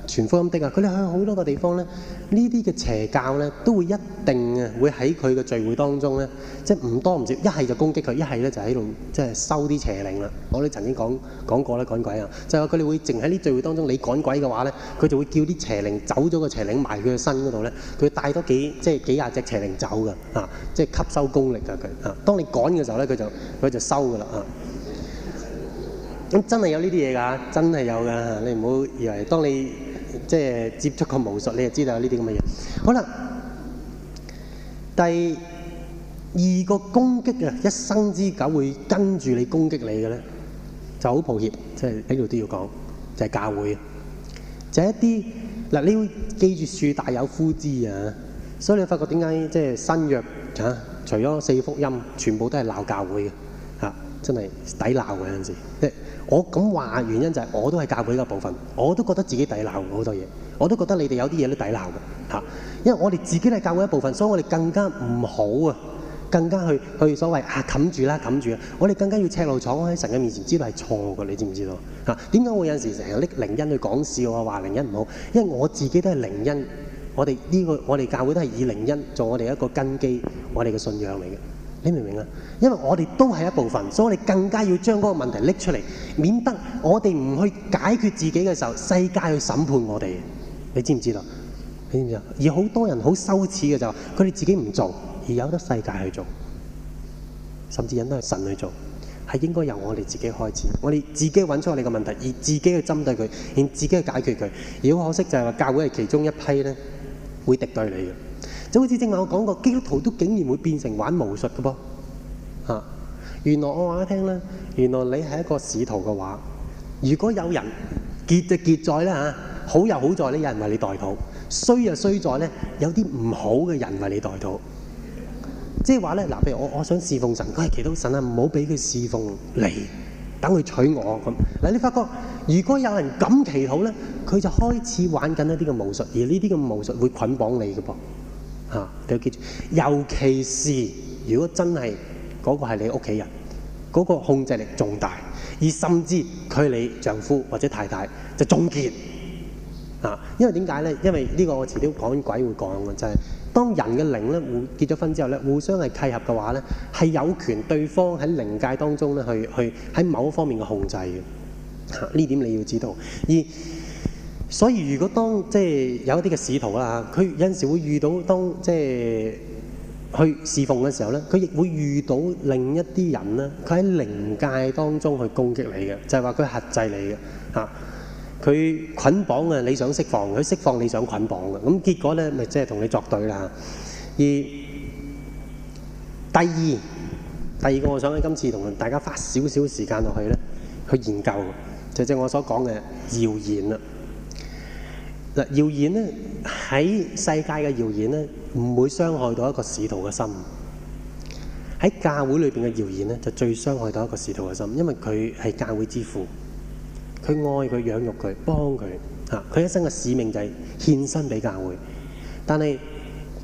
傳福音的啊，佢哋去好多個地方咧，呢啲嘅邪教咧都會一定啊會喺佢嘅聚會當中咧，即係唔多唔少，一係就攻擊佢，一係咧就喺度即係收啲邪靈啦。我哋曾經講講過咧，趕鬼啊，就係話佢哋會淨喺呢聚會當中，你趕鬼嘅話咧，佢就會叫啲邪靈走咗個邪靈埋佢嘅身嗰度咧，佢帶多幾即係幾廿隻邪靈走噶啊，即係吸收功力噶佢啊。當你趕嘅時候咧，佢就佢就收噶啦啊。咁真係有呢啲嘢㗎，真係有㗎，你唔好以為當你即係接觸個巫術，你就知道有呢啲咁嘅嘢。好啦，第二個攻擊啊，一生之久會跟住你攻擊你嘅咧，就好抱歉，即係喺度都要講，就係、是、教會，就係、是、一啲嗱你要記住樹大有枯枝啊，所以你發覺點解即係新約、啊、除咗四福音，全部都係鬧教會嘅、啊，真係抵鬧嘅有陣時。我咁話原因就係我都係教會一個部分，我都覺得自己抵鬧好多嘢，我都覺得你哋有啲嘢都抵鬧嘅嚇。因為我哋自己都係教會一部分，所以我哋更加唔好啊，更加去去所謂啊冚住啦冚住。我哋更加要赤露敞喺神嘅面前，知道係錯嘅，你知唔知道啊？點解我有陣時成日拎靈恩去講笑啊，話靈恩唔好？因為我自己都係靈恩，我哋呢個我哋教會都係以靈恩做我哋一個根基，我哋嘅信仰嚟嘅，你明唔明啊？因為我哋都係一部分，所以我哋更加要將嗰個問題拎出嚟，免得我哋唔去解決自己嘅時候，世界去審判我哋。你知唔知道？你知唔知啊？而好多人好羞恥嘅就話佢哋自己唔做，而由得世界去做，甚至引得神去做，係應該由我哋自己開始。我哋自己揾出我哋嘅問題，而自己去針對佢，而自己去解決佢。而好可惜就係話，教會係其中一批咧會敵對你嘅，就好似正話我講過，基督徒都竟然會變成玩巫術嘅噃。啊！原來我話你聽咧，原來你係一個使徒嘅話。如果有人結就結在咧嚇，好又好在咧有人為你代禱；衰就衰在咧有啲唔好嘅人為你代禱。即係話咧，嗱，譬如我我想侍奉神，佢、哎、祈禱神啊，唔好俾佢侍奉你，等佢娶我咁嗱。你發覺如果有人咁祈禱咧，佢就開始玩緊一啲嘅巫術，而呢啲嘅巫術會捆綁你嘅噃嚇。你要記住，尤其是如果真係。嗰個係你屋企人，嗰個控制力仲大，而甚至佢你丈夫或者太太就仲結啊，因為點解呢？因為呢個我遲啲講鬼會講嘅，就係當人嘅靈咧，結咗婚之後咧，互相係契合嘅話咧，係有權對方喺靈界當中咧去去喺某一方面嘅控制嘅。嚇，呢點你要知道。而所以如果當即係有一啲嘅使徒啦，佢有陣時會遇到當即係。去侍奉嘅時候呢，佢亦會遇到另一啲人呢，佢喺靈界當中去攻擊你嘅，就係話佢克制你嘅。嗱，謠言咧，喺世界嘅謠言咧，唔會傷害到一個使徒嘅心；喺教會裏邊嘅謠言咧，就最傷害到一個使徒嘅心，因為佢係教會之父，佢愛佢養育佢，幫佢嚇，佢一生嘅使命就係獻身俾教會。但係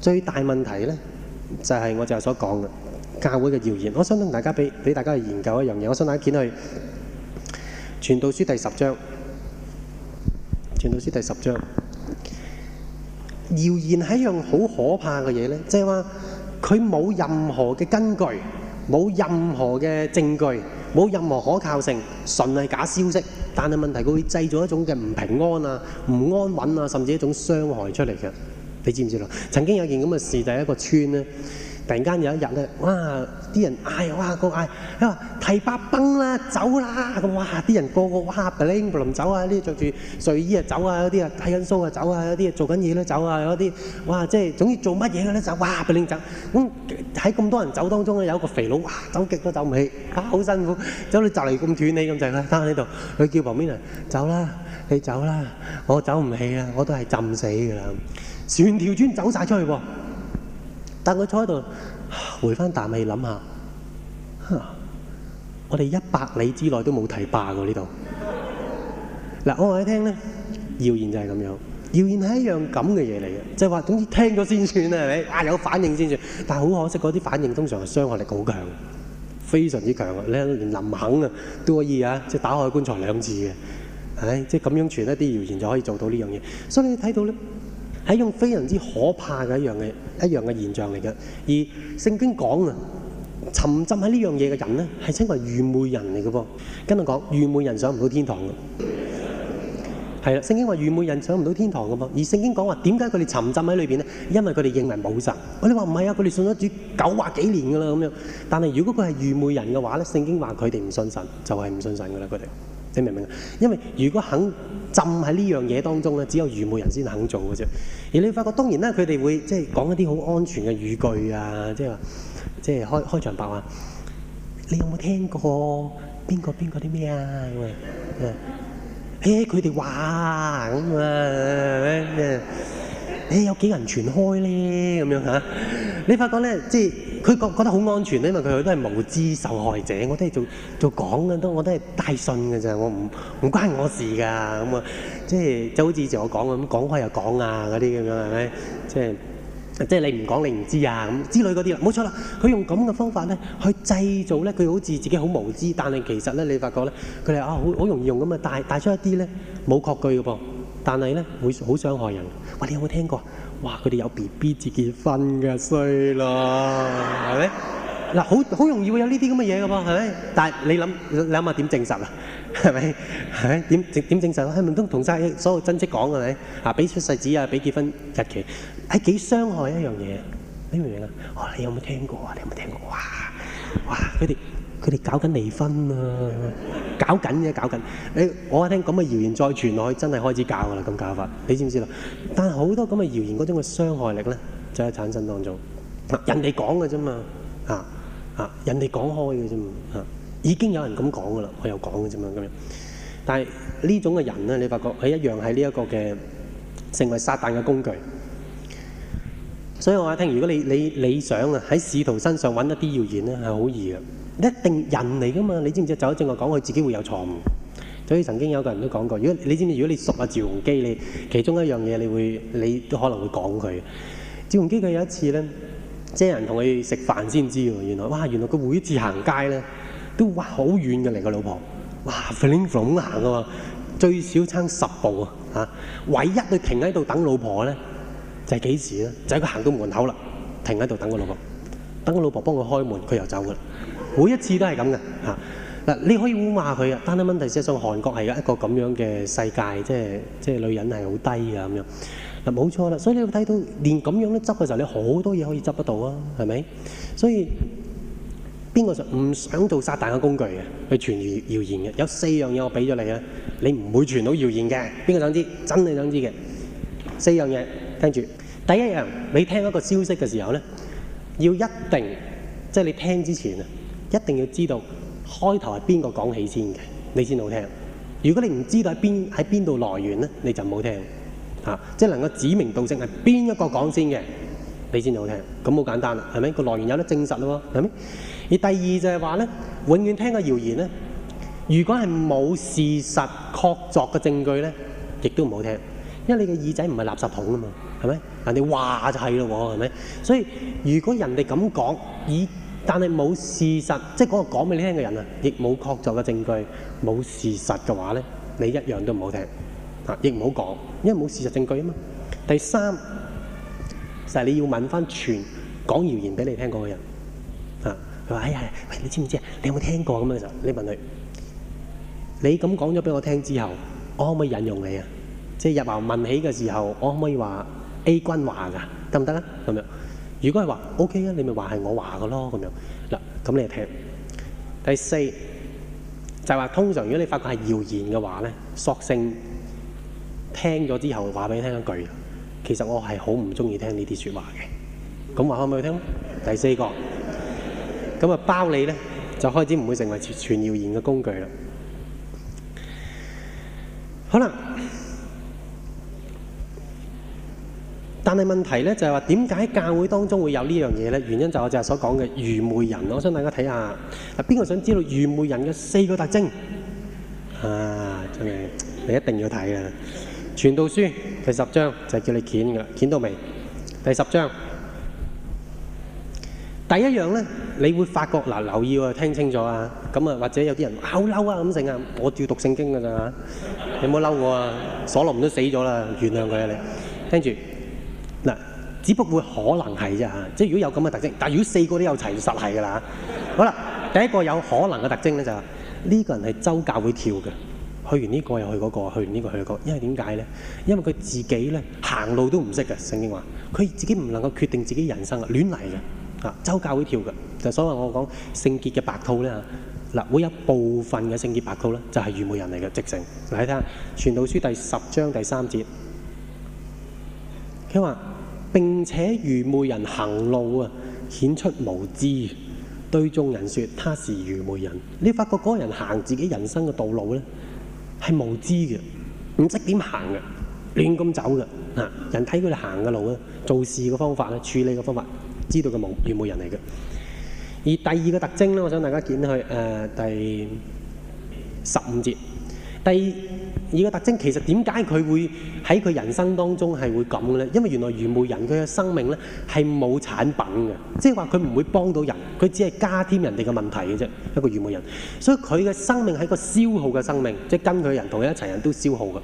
最大問題咧，就係我就係所講嘅教會嘅謠言。我想同大家俾俾大家去研究一樣嘢，我想大家見去傳道書第十章。傳道書第十章。謠言係一樣好可怕嘅嘢呢，即係話佢冇任何嘅根據，冇任何嘅證據，冇任何可靠性，純係假消息。但係問題佢會製造一種嘅唔平安啊、唔安穩啊，甚至一種傷害出嚟嘅。你知唔知道，曾經有件咁嘅事，第一個村咧。突然間有一日咧，哇！啲人嗌，哇個嗌，佢話提白崩啦，走啦！咁哇，啲人個個哇，bling bling 走啊！啲著住睡衣啊，走啊！嗰啲啊，剃緊鬚啊，走啊！嗰啲啊，做緊嘢咧，走啊！有啲哇，即係總之做乜嘢咧都走，哇！bling 走咁，喺咁多人走當中咧，有一個肥佬哇，走極都走唔起，啊，好辛苦，走到就嚟咁斷你咁滯啦，攤喺呢度，佢叫旁邊人走啦，你走啦，我走唔起啦，我都係浸死㗎啦，全條村走曬出去喎。但係我坐喺度，回翻啖氣諗下，我哋一百里之內都冇堤壩喎呢度。嗱我話你聽咧，謠言就係咁樣，謠言係一樣咁嘅嘢嚟嘅，即係話總之聽咗先算啦，係咪？啊有反應先算，但係好可惜嗰啲反應通常係傷害力好強，非常之強。你睇連林肯啊都可以啊，即係打開棺材兩次嘅，即係咁樣傳一啲謠言就可以做到呢樣嘢。所以你睇到咧，係一種非常之可怕嘅一樣嘅一樣嘅現象嚟嘅，而聖經講啊，沉浸喺呢樣嘢嘅人咧，係稱為愚昧人嚟嘅噃。跟我講，愚昧人上唔到天堂嘅。係啦，聖經話愚昧人上唔到天堂嘅噃。而聖經講話點解佢哋沉浸喺裏邊咧？因為佢哋認為冇神。我哋話唔係啊，佢哋信咗主九或幾年嘅啦咁樣。但係如果佢係愚昧人嘅話咧，聖經話佢哋唔信神，就係、是、唔信神嘅啦，佢哋。你明唔明啊？因為如果肯浸喺呢樣嘢當中咧，只有愚昧人先肯做嘅啫。而你會發覺當然啦，佢哋會即係講一啲好安全嘅語句啊，即係即係開開場白話，你有冇聽過邊個邊個啲咩啊？咁啊誒，佢哋話咁啊。誒、欸、有幾人傳開咧？咁樣嚇，你發覺咧，即係佢覺覺得好安全，因為佢都係無知受害者。我都係做做講嘅，都我都係帶信嘅咋，我唔唔關我事㗎咁啊！即係就好似以前我講咁，講開又講啊嗰啲咁樣係咪？即係即係你唔講你唔知啊咁之類嗰啲啦，冇錯啦。佢用咁嘅方法咧，去製造咧，佢好似自己好無知，但係其實咧，你發覺咧，佢哋啊好好容易用咁啊，帶帶出一啲咧冇確據嘅噃。但係咧會好傷害人。喂，你有冇聽過？哇，佢哋有 BB 至結婚嘅衰咯，係咪？嗱，好好容易會有呢啲咁嘅嘢嘅噃，係咪？但係你諗你諗下點證實啊？係咪？係咪？點點證實啊？誒，咪都同曬所有親戚講嘅係咪？啊，俾出世紙啊，俾結婚日期，誒，幾傷害一樣嘢，你明唔明啊？哦，你有冇聽過啊？你有冇聽過？哇哇，佢哋佢哋搞緊離婚啊！搞緊嘅，搞緊。你我話聽咁嘅謠言再傳落去，真係開始搞噶啦，咁搞法。你知唔知啦？但係好多咁嘅謠言嗰種嘅傷害力咧，就喺產生當中。人哋講嘅啫嘛，啊啊，人哋講開嘅啫嘛，啊，已經有人咁講噶啦，我又講嘅啫嘛咁樣。但係呢種嘅人咧，你發覺佢一樣係呢一個嘅成為撒旦嘅工具。所以我話聽，如果你你你想啊喺使徒身上揾一啲謠言咧，係好易嘅。一定人嚟噶嘛。你知唔知？走喺正外講，佢自己會有錯誤。所以曾經有個人都講過，如果你知唔知？如果你熟阿趙宏基，你其中一樣嘢，你會你都可能會講佢。趙宏基佢有一次咧，即係人同佢食飯先知喎。原來哇，原來佢每一次行街咧，都哇好遠嘅嚟。個老婆哇 f e e l i n 行噶最少差十步啊，嚇，唯一佢停喺度等老婆咧，就係，是，幾時咧？就係佢行到門口啦，停喺度等個老婆，等個老婆幫佢開門，佢又走㗎啦。每一次都係咁嘅嚇嗱，你可以污罵佢啊。但係問題係，喺韓國係一個咁樣嘅世界，即係即係女人係好低嘅咁樣嗱，冇錯啦。所以你睇到連咁樣都執嘅時候，你好多嘢可以執得到啊，係咪？所以邊個就唔想做撒旦嘅工具嘅去傳謠謠言嘅？有四樣嘢我俾咗你啊，你唔會傳到謠言嘅。邊個想知？真係想知嘅四樣嘢，聽住第一樣，你聽一個消息嘅時候咧，要一定即係你聽之前啊。一定要知道開頭係邊個講起先嘅，你先好聽。如果你唔知道喺邊喺邊度來源咧，你就唔好聽。嚇、啊，即係能夠指名道姓係邊一個講先嘅，你先好聽。咁好簡單啦，係咪？個來源有得證實咯，係咪？而第二就係話咧，永遠聽個謠言咧，如果係冇事實確鑿嘅證據咧，亦都唔好聽，因為你嘅耳仔唔係垃圾桶啊嘛，係咪？人哋話就係咯喎，係咪？所以如果人哋咁講，以但係冇事實，即係嗰個講俾你聽嘅人啊，亦冇確鑿嘅證據，冇事實嘅話咧，你一樣都唔好聽啊，亦唔好講，因為冇事實證據啊嘛。第三就係你要問翻傳講謠言俾你聽過嘅人啊，佢話：哎呀，喂，你知唔知啊？你有冇聽過咁啊？其實你問佢，你咁講咗俾我聽之後，我可唔可以引用你啊？即係入話問起嘅時候，我可唔可以話 A 君話噶？得唔得啊？咁樣。如果係話 OK 啊，你咪話係我話嘅咯，咁樣嗱，咁你聽第四就係話，通常如果你發覺係謠言嘅話咧，索性聽咗之後話俾你聽一句，其實我係好唔鍾意聽呢啲説話嘅，咁話翻俾佢聽咯。第四個咁啊，包你咧就開始唔會成為傳傳謠言嘅工具啦。好啦。但係問題咧，就係話點解教會當中會有呢樣嘢咧？原因就我就係所講嘅愚昧人。我想大家睇下，嗱，邊個想知道愚昧人嘅四個特徵？啊，真係你一定要睇啊！傳道書第十章就係叫你掀㗎，掀到未？第十章第一樣咧，你會發覺嗱，留意喎，聽清楚啊！咁啊，或者有啲人好嬲啊，咁成啊，我照讀聖經嘅咋，你唔好嬲我啊！所羅門都死咗啦，原諒佢啊你，聽住。只不過可能係啫嚇，即係如果有咁嘅特徵，但係如果四個都有齊實係㗎啦嚇。好啦，第一個有可能嘅特徵咧就係呢個人係周教會跳嘅，去完呢個又去嗰個，去完呢個去嗰個，因為點解咧？因為佢自己咧行路都唔識嘅，聖經話佢自己唔能夠決定自己人生嘅，亂嚟嘅啊，周教會跳嘅，就所謂我講聖潔嘅白兔咧，嗱會有部分嘅聖潔白兔咧就係愚昧人嚟嘅，直程嚟睇下傳道書第十章第三節，佢話。並且愚昧人行路啊，顯出無知。對眾人說他是愚昧人。你發覺嗰個人行自己人生嘅道路咧，係無知嘅，唔識點行嘅，亂咁走嘅。啊，人睇佢哋行嘅路啊，做事嘅方法啊，處理嘅方法，知道佢係愚昧人嚟嘅。而第二個特徵咧，我想大家見到誒、呃、第十五節第。而個特徵其實點解佢會喺佢人生當中係會咁嘅咧？因為原來愚昧人佢嘅生命咧係冇產品嘅，即係話佢唔會幫到人，佢只係加添人哋嘅問題嘅啫。一個愚昧人，所以佢嘅生命係一個消耗嘅生命，即係跟佢人同一齊人都消耗嘅。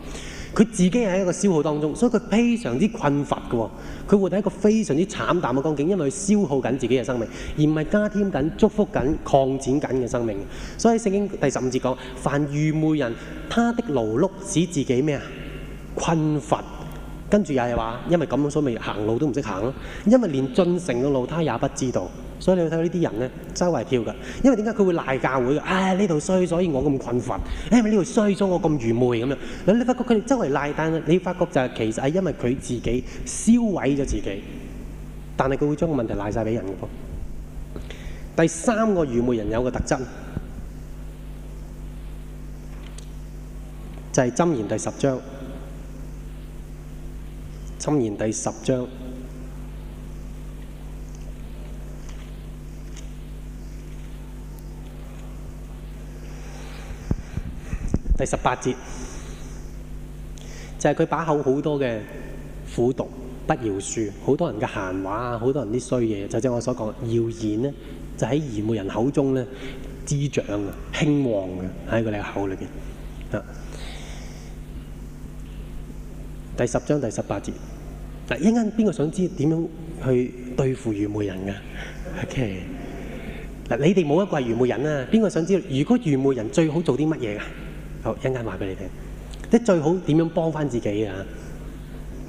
佢自己喺一個消耗當中，所以佢非常之困乏嘅喎，佢活喺一個非常之慘淡嘅光景，因為佢消耗緊自己嘅生命，而唔係加添緊祝福緊擴展緊嘅生命。所以聖經第十五節講：凡愚昧人，他的勞碌使自己咩呀，困乏，跟住又係話說，因為咁樣所以行路都唔識行，因為連進城嘅路他也不知道。所以你會睇到呢啲人呢，周圍跳㗎。因為點解佢會賴教會嘅？唉，呢度衰，所以我咁困乏。唉、哎，咪呢度衰咗，所以我咁愚昧咁樣。你發覺佢哋周圍賴，但你發覺就係其實係因為佢自己燒毀咗自己，但係佢會將個問題賴曬俾人嘅噃。第三個愚昧人有個特質，就係箴言第十章。箴言第十章。第十八節就係佢把口好多嘅苦毒不饒恕，好多人嘅閒話啊，好多人啲衰嘢，就正如我所講，謠言呢，就喺愚昧人口中呢，滋長嘅興旺嘅喺佢哋嘅口裏邊。啊、嗯，第十章第十八節嗱，一陣邊個想知點樣去對付愚昧人嘅？OK，嗱，你哋冇一個係愚昧人啊？邊個想知如果愚昧人最好做啲乜嘢噶？好，一陣間話俾你聽，啲最好點樣幫翻自己啊？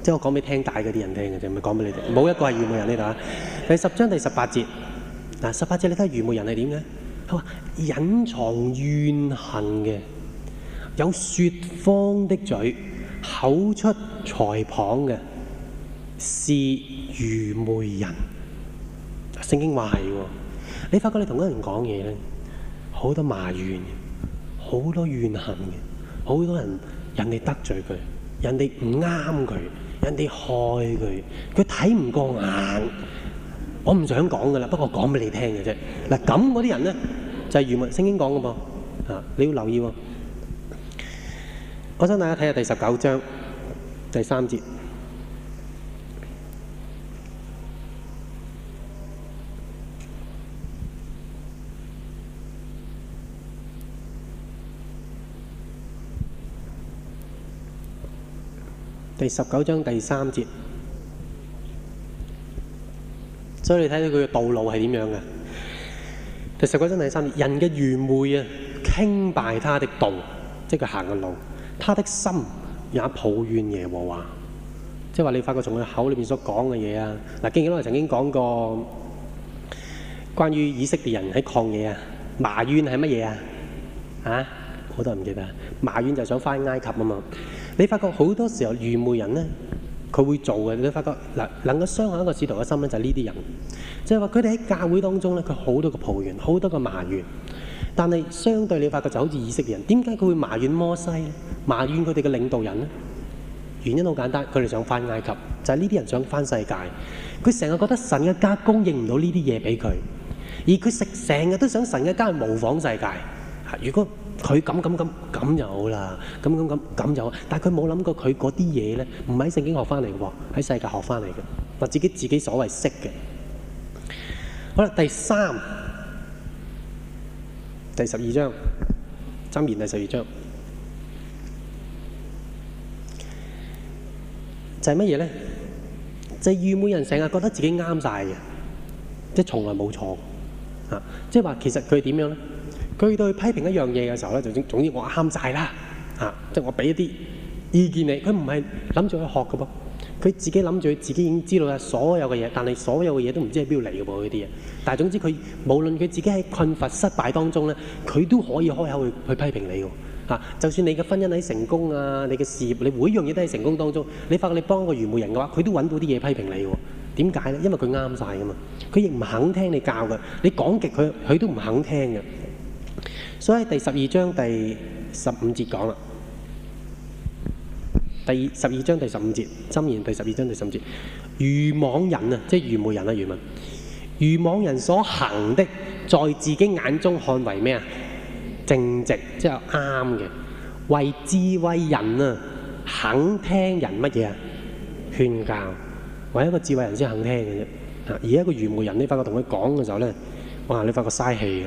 即係我講俾聽大嗰啲人聽嘅啫，咪講俾你哋。冇一個係愚昧人呢度啊！第十章第十八節，嗱，十八節你睇下愚昧人係點嘅？佢話隱藏怨恨嘅，有説謊的嘴，口出讒謗嘅，是愚昧人。聖經話係喎，你發覺你同嗰人講嘢咧，好多埋怨。好多怨恨嘅，好多人人哋得罪佢，人哋唔啱佢，人哋害佢，佢睇唔過眼。我唔想講噶啦，不過，講俾你聽嘅啫。嗱，咁嗰啲人咧，就係如文聖經講嘅噃，吓，你要留意。我想大家睇下第十九章第三節。第十九章第三節，所以你睇到佢嘅道路係點樣嘅？第十九章第三節。人嘅愚昧啊，傾敗他的道，即係佢行嘅路。他的心也抱怨耶和華，即係話你發覺從佢口裏邊所講嘅嘢啊。嗱，聖經都係曾經講過關於以色列人喺曠野啊，埋怨係乜嘢啊？啊，我都唔記得，埋怨就想翻埃及啊嘛。你發覺好多時候愚昧人呢，佢會做嘅。你發覺能夠傷害一個使徒嘅心，就係呢啲人。就係話佢哋喺教會當中呢，佢好多個抱怨，好多個埋怨。但係相對你發覺就好似以色列人，點解佢會埋怨摩西，埋怨佢哋嘅領導人呢？原因好簡單，佢哋想返埃及，就係呢啲人想返世界。佢成日覺得神嘅家供應唔到呢啲嘢俾佢，而佢食成日都想神嘅家模仿世界。如果～佢咁咁咁咁就好啦，咁咁咁咁就好。但係佢冇諗過佢嗰啲嘢咧，唔係聖經學翻嚟嘅喎，喺世界學翻嚟嘅，或自己自己所謂識嘅。好啦，第三，第十二章，箴言第十二章，就係乜嘢咧？就係愚昧人成日覺得自己啱晒嘅，即係從來冇錯啊！即係話其實佢點樣咧？佢對批評一樣嘢嘅時候咧，就總之我啱晒啦啊！即係我俾一啲意見你，佢唔係諗住去學嘅噃。佢自己諗住，自己已經知道啦，所有嘅嘢，但係所有嘅嘢都唔知係邊度嚟嘅噃。嗰啲嘢，但係總之佢無論佢自己喺困乏失敗當中咧，佢都可以開口去去批評你㗎啊！就算你嘅婚姻喺成功啊，你嘅事業，你每樣嘢都係成功當中，你發覺你幫個愚昧人嘅話，佢都揾到啲嘢批評你㗎。點解咧？因為佢啱晒㗎嘛。佢亦唔肯聽你教嘅，你講極佢佢都唔肯聽㗎。所以第十二章第十五節講啦，第十二章第十五節，箴言第十二章第十五節，愚妄人啊，即係愚昧人啦，愚昧，愚妄人所行的，在自己眼中看為咩啊？正直，即係啱嘅。為智慧人啊，肯聽人乜嘢啊？勸教，為一個智慧人先肯聽嘅啫。而一個愚昧人你發覺同佢講嘅時候呢，哇，你發覺嘥氣。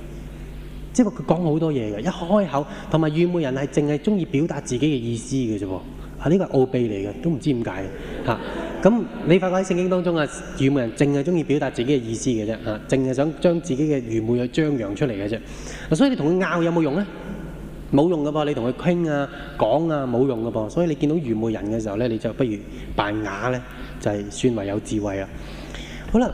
即係佢講好多嘢嘅，一開口同埋愚昧人係淨係中意表達自己嘅意思嘅啫喎，啊呢個係奧秘嚟嘅，都唔知點解啊！咁你發覺喺聖經當中啊，愚昧人淨係中意表達自己嘅意思嘅啫啊，淨係想將自己嘅愚昧去張揚出嚟嘅啫，所以你同佢拗有冇用咧？冇用嘅噃，你同佢傾啊講啊冇用嘅噃，所以你見到愚昧人嘅時候咧，你就不如扮啞咧，就係算為有智慧啦。好啦，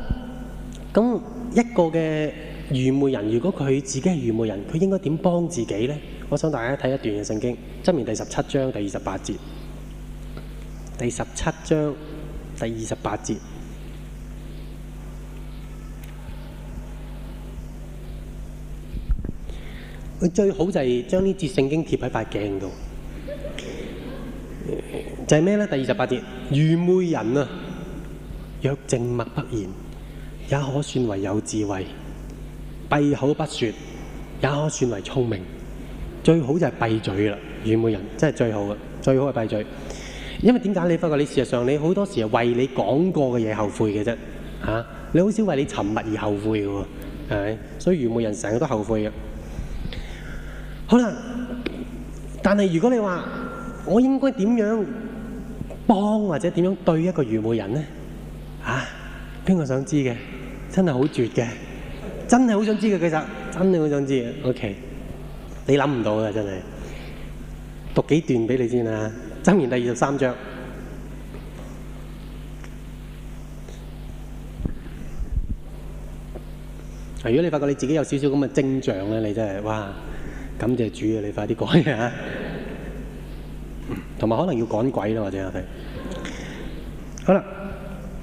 咁一個嘅。愚昧人如果佢自己係愚昧人，佢應該點幫自己呢？我想大家睇一段嘅聖經，箴言第十七章第二十八節。第十七章第二十八節，最好就係將呢節聖經貼喺塊鏡度，就係、是、咩呢？第二十八節，愚昧人啊，若靜默不言，也可算為有智慧。閉口不說，也可算為聰明。最好就係閉嘴啦，愚昧人真係最好噶，最好係閉嘴。因為點解你發覺你事實上你好多時係為你講過嘅嘢後悔嘅啫，啊，你好少為你沉默而後悔嘅喎，所以愚昧人成日都後悔嘅。好啦，但係如果你話我應該點樣幫或者點樣對一個愚昧人呢？啊，邊個想知嘅？真係好絕嘅。真係好想知嘅其實，真係好想知。OK，你諗唔到嘅真係，讀幾段俾你先啦。箴言第二十三章。啊，如果你發覺你自己有少少咁嘅徵象咧，你真係哇，感謝主啊！你快啲改啊。嗯，同埋可能要趕鬼啦或者啊，係。好啦，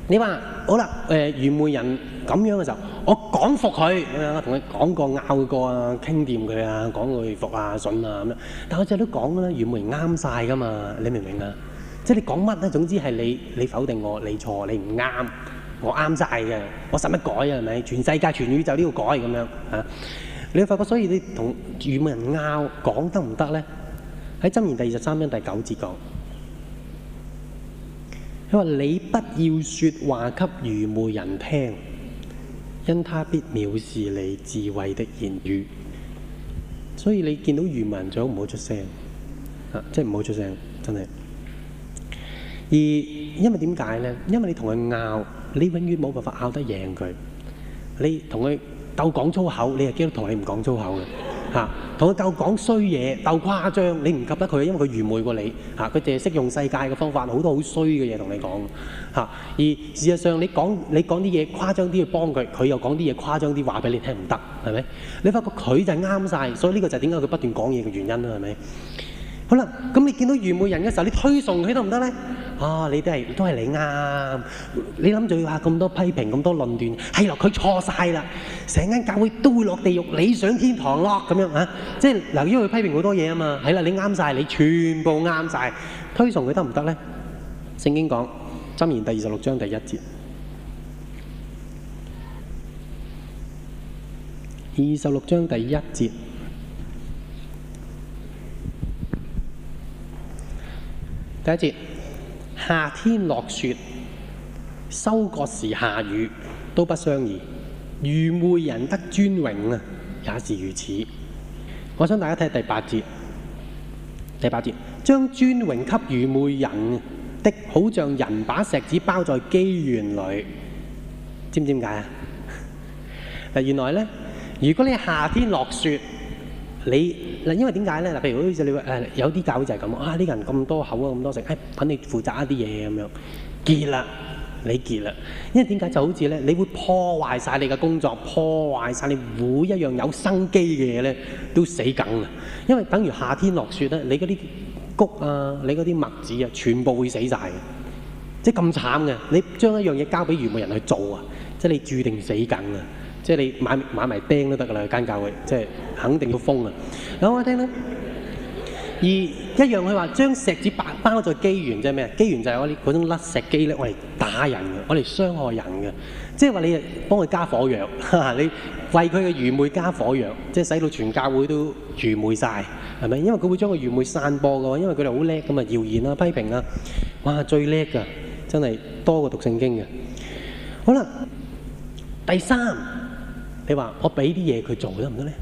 你話好啦，誒愚昧人咁樣嘅時候。我講服佢，我同佢講過、拗過啊、傾掂佢啊、講佢服啊、信啊咁樣。但係我只係都講啦，愚昧人啱曬噶嘛，你明唔明啊？即係你講乜咧？總之係你，你否定我，你錯，你唔啱，我啱曬嘅，我使乜改啊？係咪？全世界、全宇宙都要改咁樣啊？你發覺，所以你同愚昧人拗講得唔得咧？喺《箴言》第二十三章第九節講，佢話你不要説話給愚昧人聽。因他必藐視你智慧的言語，所以你見到愚民就唔好，不要出聲，啊，即係唔好出聲，真係。而因為點解呢？因為你同佢拗，你永遠冇辦法拗得贏佢。你同佢鬥講粗口，你係基督徒，你唔講粗口嘅。嚇，同佢鬥講衰嘢，鬥誇張，你唔及得佢，因為佢愚昧過你。嚇，佢淨係識用世界嘅方法，好多好衰嘅嘢同你講。嚇，而事實上你講你講啲嘢誇張啲去幫佢，佢又講啲嘢誇張啲話俾你聽，唔得，係咪？你發覺佢就係啱晒，所以呢個就係點解佢不斷講嘢嘅原因啦，係咪？好啦，咁你見到愚昧人嘅時候，你推崇佢得唔得咧？啊，你都係都係你啱，你諗住要下咁多批評，咁多論斷，係啦，佢錯曬啦，成間教會都會落地獄，你上天堂咯咁樣啊！即係嗱，由於佢批評好多嘢啊嘛，係啦，你啱曬，你全部啱曬，推崇佢得唔得咧？聖經講箴言第二十六章第一節，二十六章第一節。第一節，夏天落雪，收割時下雨，都不相宜。愚昧人得尊榮，也是如此。我想大家睇第八節。第八節，將尊榮給愚昧人的，好像人把石子包在機弦裏，知唔知點解啊？原來呢，如果你夏天落雪，你嗱，因為點解咧？嗱，譬如好似你話有啲教會就係咁，啊，呢個人咁多口啊，咁多食，誒、哎，揾你負責一啲嘢咁樣，結啦，你結啦。因為點解就好似咧，你會破壞晒你嘅工作，破壞晒你每一樣有生機嘅嘢咧，都死梗啦。因為等於夏天落雪咧，你嗰啲穀啊，你嗰啲麥子啊，全部會死晒！即係咁慘嘅。你將一樣嘢交俾愚昧人去做啊，即係你注定死梗啊！即係你買買埋釘都得噶啦間教會，即係肯定要封啊！講我聽啦。而一樣佢話將石子擺翻咗再機緣，即係咩啊？機緣就係嗰啲嗰種甩石機咧，我嚟打人嘅，我嚟傷害人嘅。即係話你幫佢加火藥，你為佢嘅愚昧加火藥，即係使到全教會都愚昧晒。係咪？因為佢會將個愚昧散播嘅，因為佢哋好叻咁啊！謠言啊、批評啊，哇！最叻噶，真係多過讀聖經嘅。好啦，第三。你話我俾啲嘢佢做得唔得咧？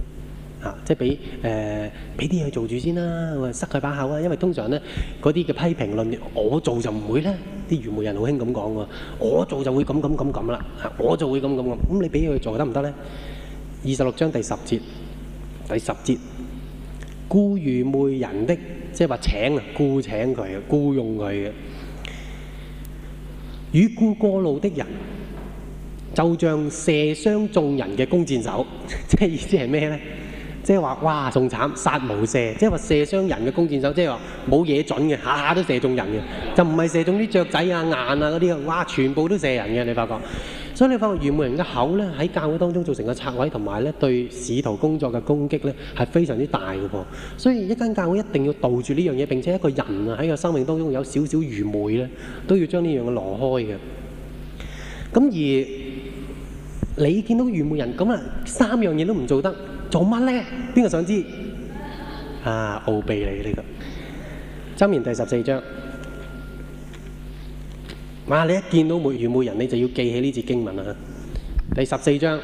啊，即係俾誒俾啲嘢佢做住先啦。我話塞佢把口啊，因為通常咧嗰啲嘅批評論，我做就唔會咧。啲愚昧人好興咁講喎，我做就會咁咁咁咁啦，我就會咁咁咁。咁你俾嘢佢做得唔得咧？二十六章第十節，第十節，雇愚昧人的，即係話請啊，雇請佢啊，雇用佢啊，與雇過路的人。就像射傷眾人嘅弓箭手，即係意思係咩呢？即係話哇，仲慘，殺無赦，即係話射傷人嘅弓箭手，即係話冇嘢準嘅，下下都射中人嘅，就唔係射中啲雀仔啊、雁啊嗰啲啊，哇全部都射人嘅，你發覺。所以你發覺愚昧人嘅口呢，喺教會當中造成個拆位，同埋呢對使徒工作嘅攻擊呢，係非常之大嘅噃，所以一間教會一定要杜住呢樣嘢，並且一個人喺個生命當中有少少愚昧呢，都要將呢樣嘢挪開嘅。咁而你見到愚昧人咁啊，三樣嘢都唔做得，做乜咧？邊個想知？啊，奧秘嚟呢個。箴言第十四章，哇！你一見到愚愚昧人，你就要記起呢節經文啦。第十四章，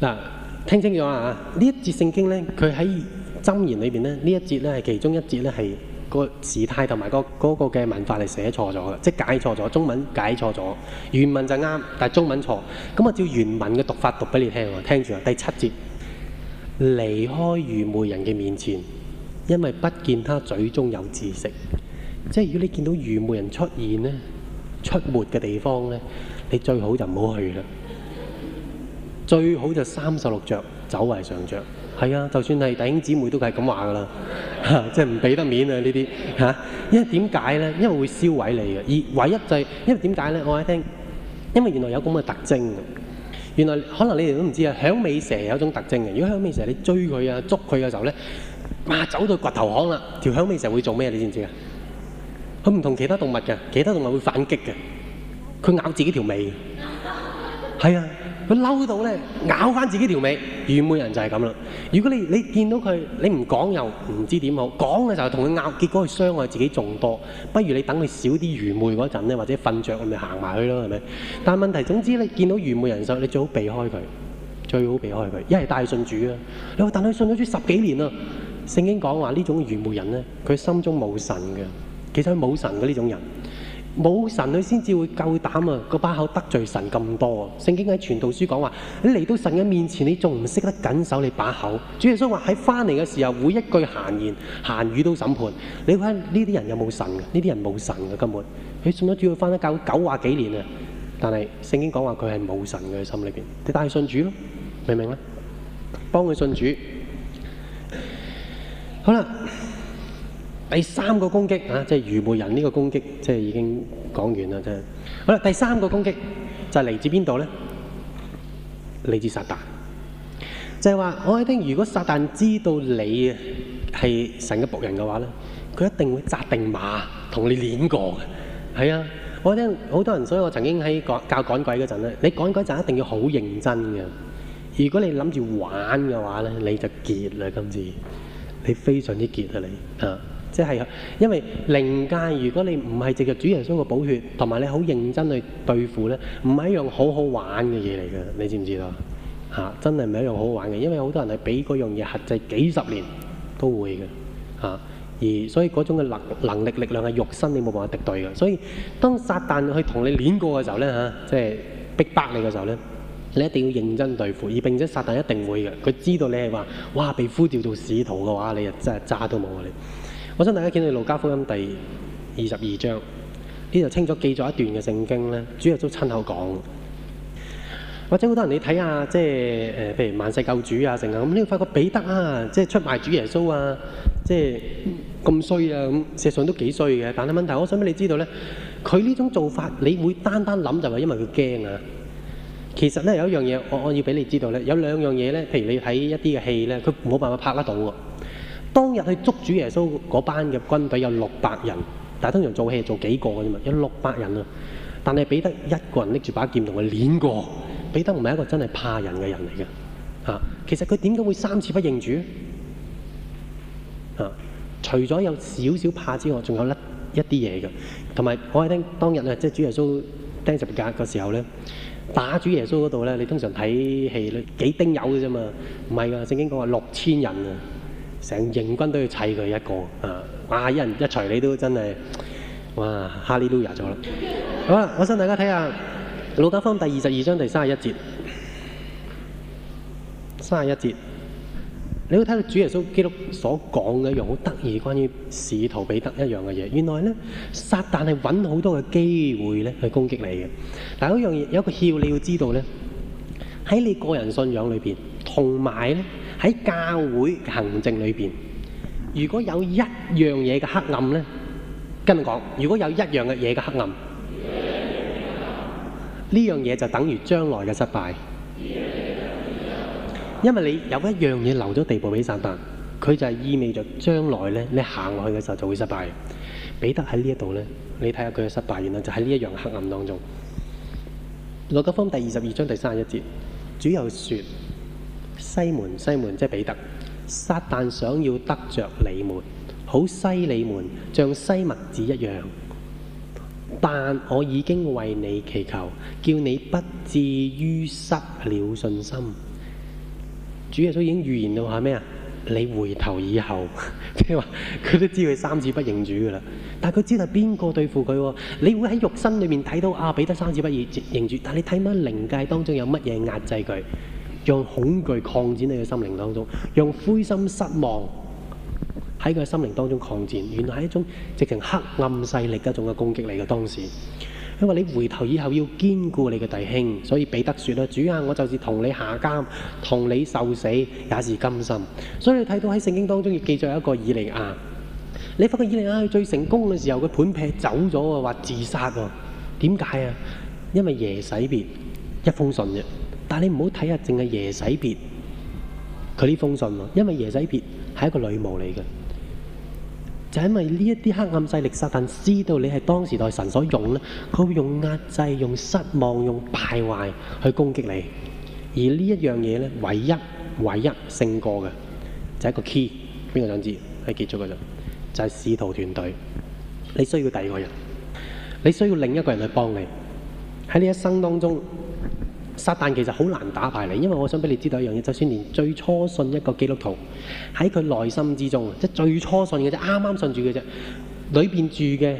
嗱，聽清楚啊？呢一節聖經咧，佢喺箴言裏邊咧，呢一節咧係其中一節咧係。個時態同埋、嗰個嗰、嗰個嘅文法嚟寫錯咗嘅，即係解錯咗中文解錯咗，原文就啱，但係中文錯了。咁啊，照原文嘅讀法讀俾你聽喎，聽住啊，第七節，離開愚昧人嘅面前，因為不見他嘴中有知識。即係如果你見到愚昧人出現呢，出沒嘅地方呢，你最好就唔好去啦。最好就三十六着，走為上着。係啊，就算係弟兄姊妹都係咁話噶啦，嚇即係唔俾得面啊呢啲嚇，因為點解咧？因為會燒毀你嘅，而唯一就係因為點解咧？我喺聽，因為原來有咁嘅特徵嘅，原來可能你哋都唔知啊。響尾蛇有種特徵嘅，如果響尾蛇你追佢啊、捉佢嘅時候咧，馬上走到掘頭巷啦，條響尾蛇會做咩？你知唔知啊？佢唔同其他動物嘅，其他動物會反擊嘅，佢咬自己條尾。係啊。佢嬲到咧，咬翻自己條尾，愚昧人就係咁啦。如果你你見到佢，你唔講又唔知點好，講嘅時候同佢拗，結果佢傷害自己仲多。不如你等佢少啲愚昧嗰陣咧，或者瞓着，我咪行埋去咯，係咪？但係問題總之你見到愚昧人就你最好避開佢，最好避開佢。一係帶信主啊，你話但係佢信咗主十幾年啦，聖經講話呢種愚昧人咧，佢心中冇神嘅，其實佢冇神嘅呢種人。冇神女先至會夠膽啊！個把口得罪神咁多啊！聖經喺傳道書講話：你嚟到神嘅面前，你仲唔識得緊守你把口？主耶穌話喺翻嚟嘅時候，每一句閒言閒語都審判。你睇下呢啲人有冇神嘅？呢啲人冇神嘅，根本佢信咗主，翻咗教會九廿幾年啊！但係聖經講話佢係冇神嘅，心裏邊，你帶佢信主咯，明唔明咧？幫佢信主。好啦。第三個攻擊啊，即係愚昧人呢個攻擊，即係已經講完啦。即係好啦，第三個攻擊就嚟自邊度咧？嚟自撒旦，就係話我聽。如果撒旦知道你係神嘅僕人嘅話咧，佢一定會紮定馬同你碾過嘅。係啊，我聽好多人，所以我曾經喺教趕鬼嗰陣咧，你趕鬼嗰陣一定要好認真嘅。如果你諗住玩嘅話咧，你就結啦，今次，你非常之結啊，你啊～即係，因為靈界如果你唔係直頭，主耶穌嘅寶血，同埋你好認真去對付呢，唔係一樣好好玩嘅嘢嚟嘅，你知唔知道啊？嚇，真係唔係一樣好好玩嘅，因為好多人係俾嗰樣嘢核製幾十年都會嘅，嚇、啊。而所以嗰種嘅能能力力量係肉身，你冇辦法敵對嘅。所以當撒旦去同你攣過嘅時候呢，嚇、啊，即係逼迫你嘅時候呢，你一定要認真對付，而並且撒旦一定會嘅，佢知道你係話，哇被呼召做使徒嘅話，你啊真係渣都冇啊你。我想大家見到《路加福音》第二十二章，呢就清楚記載一段嘅聖經主耶穌親口講。或者好多人你睇啊，即係譬如萬世救主啊，成啊，咁你發覺彼得啊，即係出賣主耶穌啊，即係咁衰啊，咁寫信都幾衰嘅。但係問題是，我想俾你知道呢佢呢種做法，你會單單諗就係因為佢驚啊。其實呢，有一樣嘢，我我要俾你知道呢，有兩樣嘢呢，譬如你睇一啲嘅戲他，佢冇辦法拍得到當日去捉主耶穌嗰班嘅軍隊有六百人，但係通常做戲做幾個嘅啫嘛，有六百人啊，但係彼得一個人拎住把劍同佢碾過，彼得唔係一個真係怕人嘅人嚟嘅嚇。其實佢點解會三次不認主？嚇、啊，除咗有少少怕之外，仲有甩一啲嘢嘅。同埋我哋聽當日啊，即係主耶穌釘十字架嘅時候咧，打主耶穌嗰度咧，你通常睇戲咧幾丁友嘅啫嘛，唔係噶，聖經講話六千人啊。成營軍都要砌佢一個，啊！哇、啊！一人一除你都真係，哇！哈利都入咗啦。好啦，我想大家睇下《路加福音》第二十二章第三十一節，三十一節，你會睇到主耶穌基督所講嘅一樣好得意，關於使徒彼得一樣嘅嘢。原來咧，撒旦係揾好多嘅機會咧去攻擊你嘅。但係嗰樣嘢有一個竅你要知道咧，喺你個人信仰裏邊，同埋咧。喺教會行政裏邊，如果有一樣嘢嘅黑暗呢？跟住講，如果有一樣嘅嘢嘅黑暗，呢樣嘢就等於將來嘅失敗。因為你有一樣嘢留咗地步俾撒但，佢就係意味著將來咧，你行落去嘅時候就會失敗。彼得喺呢一度呢，你睇下佢嘅失敗，原來就喺呢一樣的黑暗當中。《路加福音》第二十二章第三十一節，主有説。西門，西門，即係彼得。撒旦想要得着你們，好篩你們，像篩麥子一樣。但我已經為你祈求，叫你不至於失了信心。主耶穌已經預言到話咩啊？你回頭以後，即係話佢都知佢三次不認主噶啦。但係佢知道係邊個對付佢？你會喺肉身裏面睇到啊，彼得三次不認認主。但係你睇乜靈界當中有乜嘢壓制佢？讓恐懼擴展你嘅心靈當中，讓灰心失望喺佢心靈當中擴展，原來係一種直情黑暗勢力的一種嘅攻擊嚟嘅。當時，因為你回頭以後要堅固你嘅弟兄，所以彼得說啦：主啊，我就是同你下監，同你受死也是甘心。所以你睇到喺聖經當中，亦記載有一個以利亞。你發覺以利亞最成功嘅時候，佢盤劈走咗啊，話自殺喎。點解啊？因為耶洗別一封信啫。但係你唔好睇下淨係耶洗別佢呢封信咯，因為耶洗別係一個女巫嚟嘅，就係、因為呢一啲黑暗勢力、撒旦知道你係當時代神所用咧，佢會用壓制、用失望、用敗壞去攻擊你。而呢一樣嘢咧，唯一、唯一勝過嘅就係、係、一個 key，邊個想知？係結束嘅啫，就係使徒團隊，你需要第二個人，你需要另一個人去幫你喺呢一生當中。撒但其實好難打敗你，因為我想俾你知道一樣嘢，就算連最初信一個基督徒喺佢內心之中即係最初信嘅啫，啱啱信住嘅啫，裏邊住嘅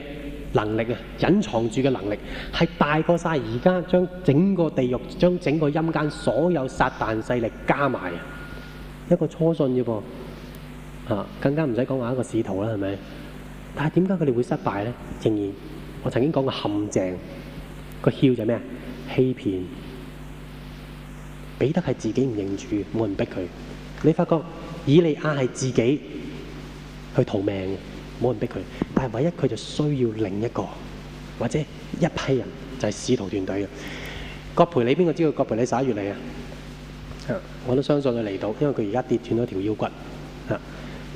能力啊，隱藏住嘅能力係大過晒而家將整個地獄、將整個陰間所有撒但勢力加埋，一個初信啫噃啊，更加唔使講話一個使徒啦，係咪？但係點解佢哋會失敗咧？仍然我曾經講過陷阱，個竅就係咩啊？欺騙。彼得係自己唔認主，冇人逼佢。你發覺以利亞係自己去逃命嘅，冇人逼佢。但係唯一佢就需要另一個或者一批人，就係使徒團隊嘅。葛培理邊個知道？葛培理十一月嚟啊，我都相信佢嚟到，因為佢而家跌斷咗條腰骨。嚇、啊，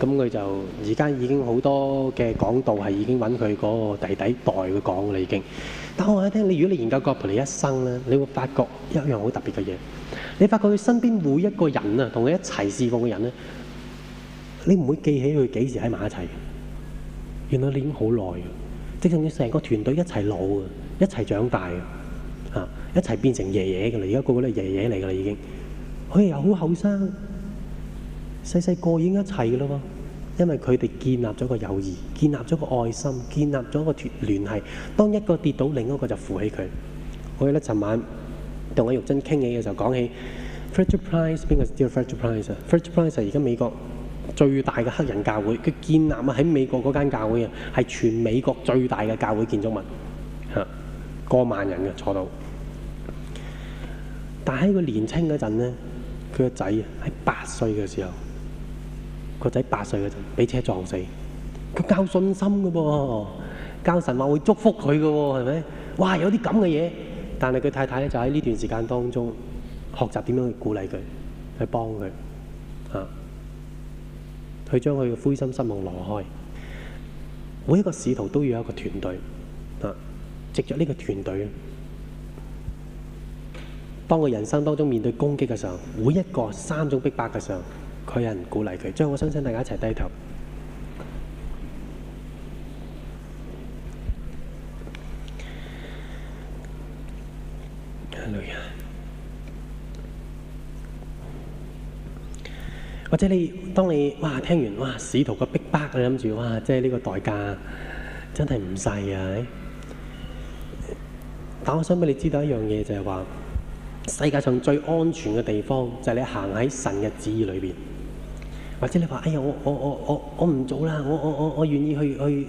咁佢就而家已經好多嘅講道係已經揾佢嗰個弟弟代佢講啦，已經。但我一聽你，如果你研究葛培理一生咧，你會發覺一樣好特別嘅嘢。你發覺佢身邊每一個人啊，同佢一齊侍奉嘅人咧、啊，你唔會記起佢幾時喺埋一齊，原來你已經好耐嘅，即係仲要成個團隊一齊老啊，一齊長大嘅，啊，一齊變成爺爺嘅啦，而家個個都爺爺嚟噶啦，已經。佢又好後生，細細個已經一齊噶咯。因為佢哋建立咗個友誼，建立咗個愛心，建立咗個聯聯繫。當一個跌倒，另一個就扶起佢。我記得尋晚。同我玉珍傾偈嘅時候講起 Fraternal 邊個 still Fraternal 啊？Fraternal 係而家美國最大嘅黑人教會，佢建立啊喺美國嗰間教會啊，係全美國最大嘅教會建築物，嚇，過萬人嘅坐到。但係喺佢年青嗰陣咧，佢個仔啊喺八歲嘅時候，個仔八歲嗰陣俾車撞死。佢交信心嘅喎，教神話會祝福佢嘅喎，係咪？哇！有啲咁嘅嘢。但是佢太太咧就喺呢段時間當中學習點樣去鼓勵佢，去幫佢，嚇、啊，去將佢嘅灰心失望挪開。每一個使徒都要有一個團隊，嚇、啊，藉著呢個團隊咧，當佢人生當中面對攻擊嘅時候，每一個三種逼迫嘅時候，佢有人鼓勵佢，所以我相信大家一齊低頭。或者你當你哇聽完哇使徒個逼迫，你諗住哇，即係呢個代價真係唔細啊！但我想俾你知道一樣嘢，就係、是、話世界上最安全嘅地方就係、是、你行喺神嘅旨意裏邊。或者你話哎呀，我我我我我唔做啦，我我我我願意去去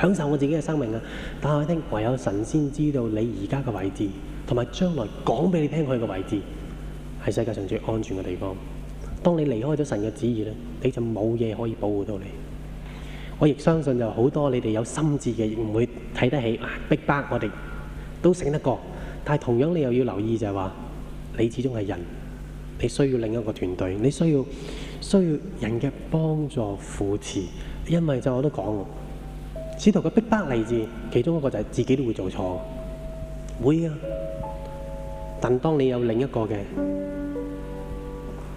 享受我自己嘅生命啊！但係我聽唯有神先知道你而家嘅位置。同埋將來講俾你聽，佢嘅位置係世界上最安全嘅地方。當你離開咗神嘅旨意呢，你就冇嘢可以保護到你。我亦相信就好多你哋有心智嘅，亦唔會睇得起逼迫。啊、逼迫我哋都醒得過，但係同樣你又要留意就係話，你始終係人，你需要另一個團隊，你需要需要人嘅幫助扶持。因為就我都講，使徒嘅逼迫例子，其中一個就係自己都會做錯，會啊。但當你有另一個嘅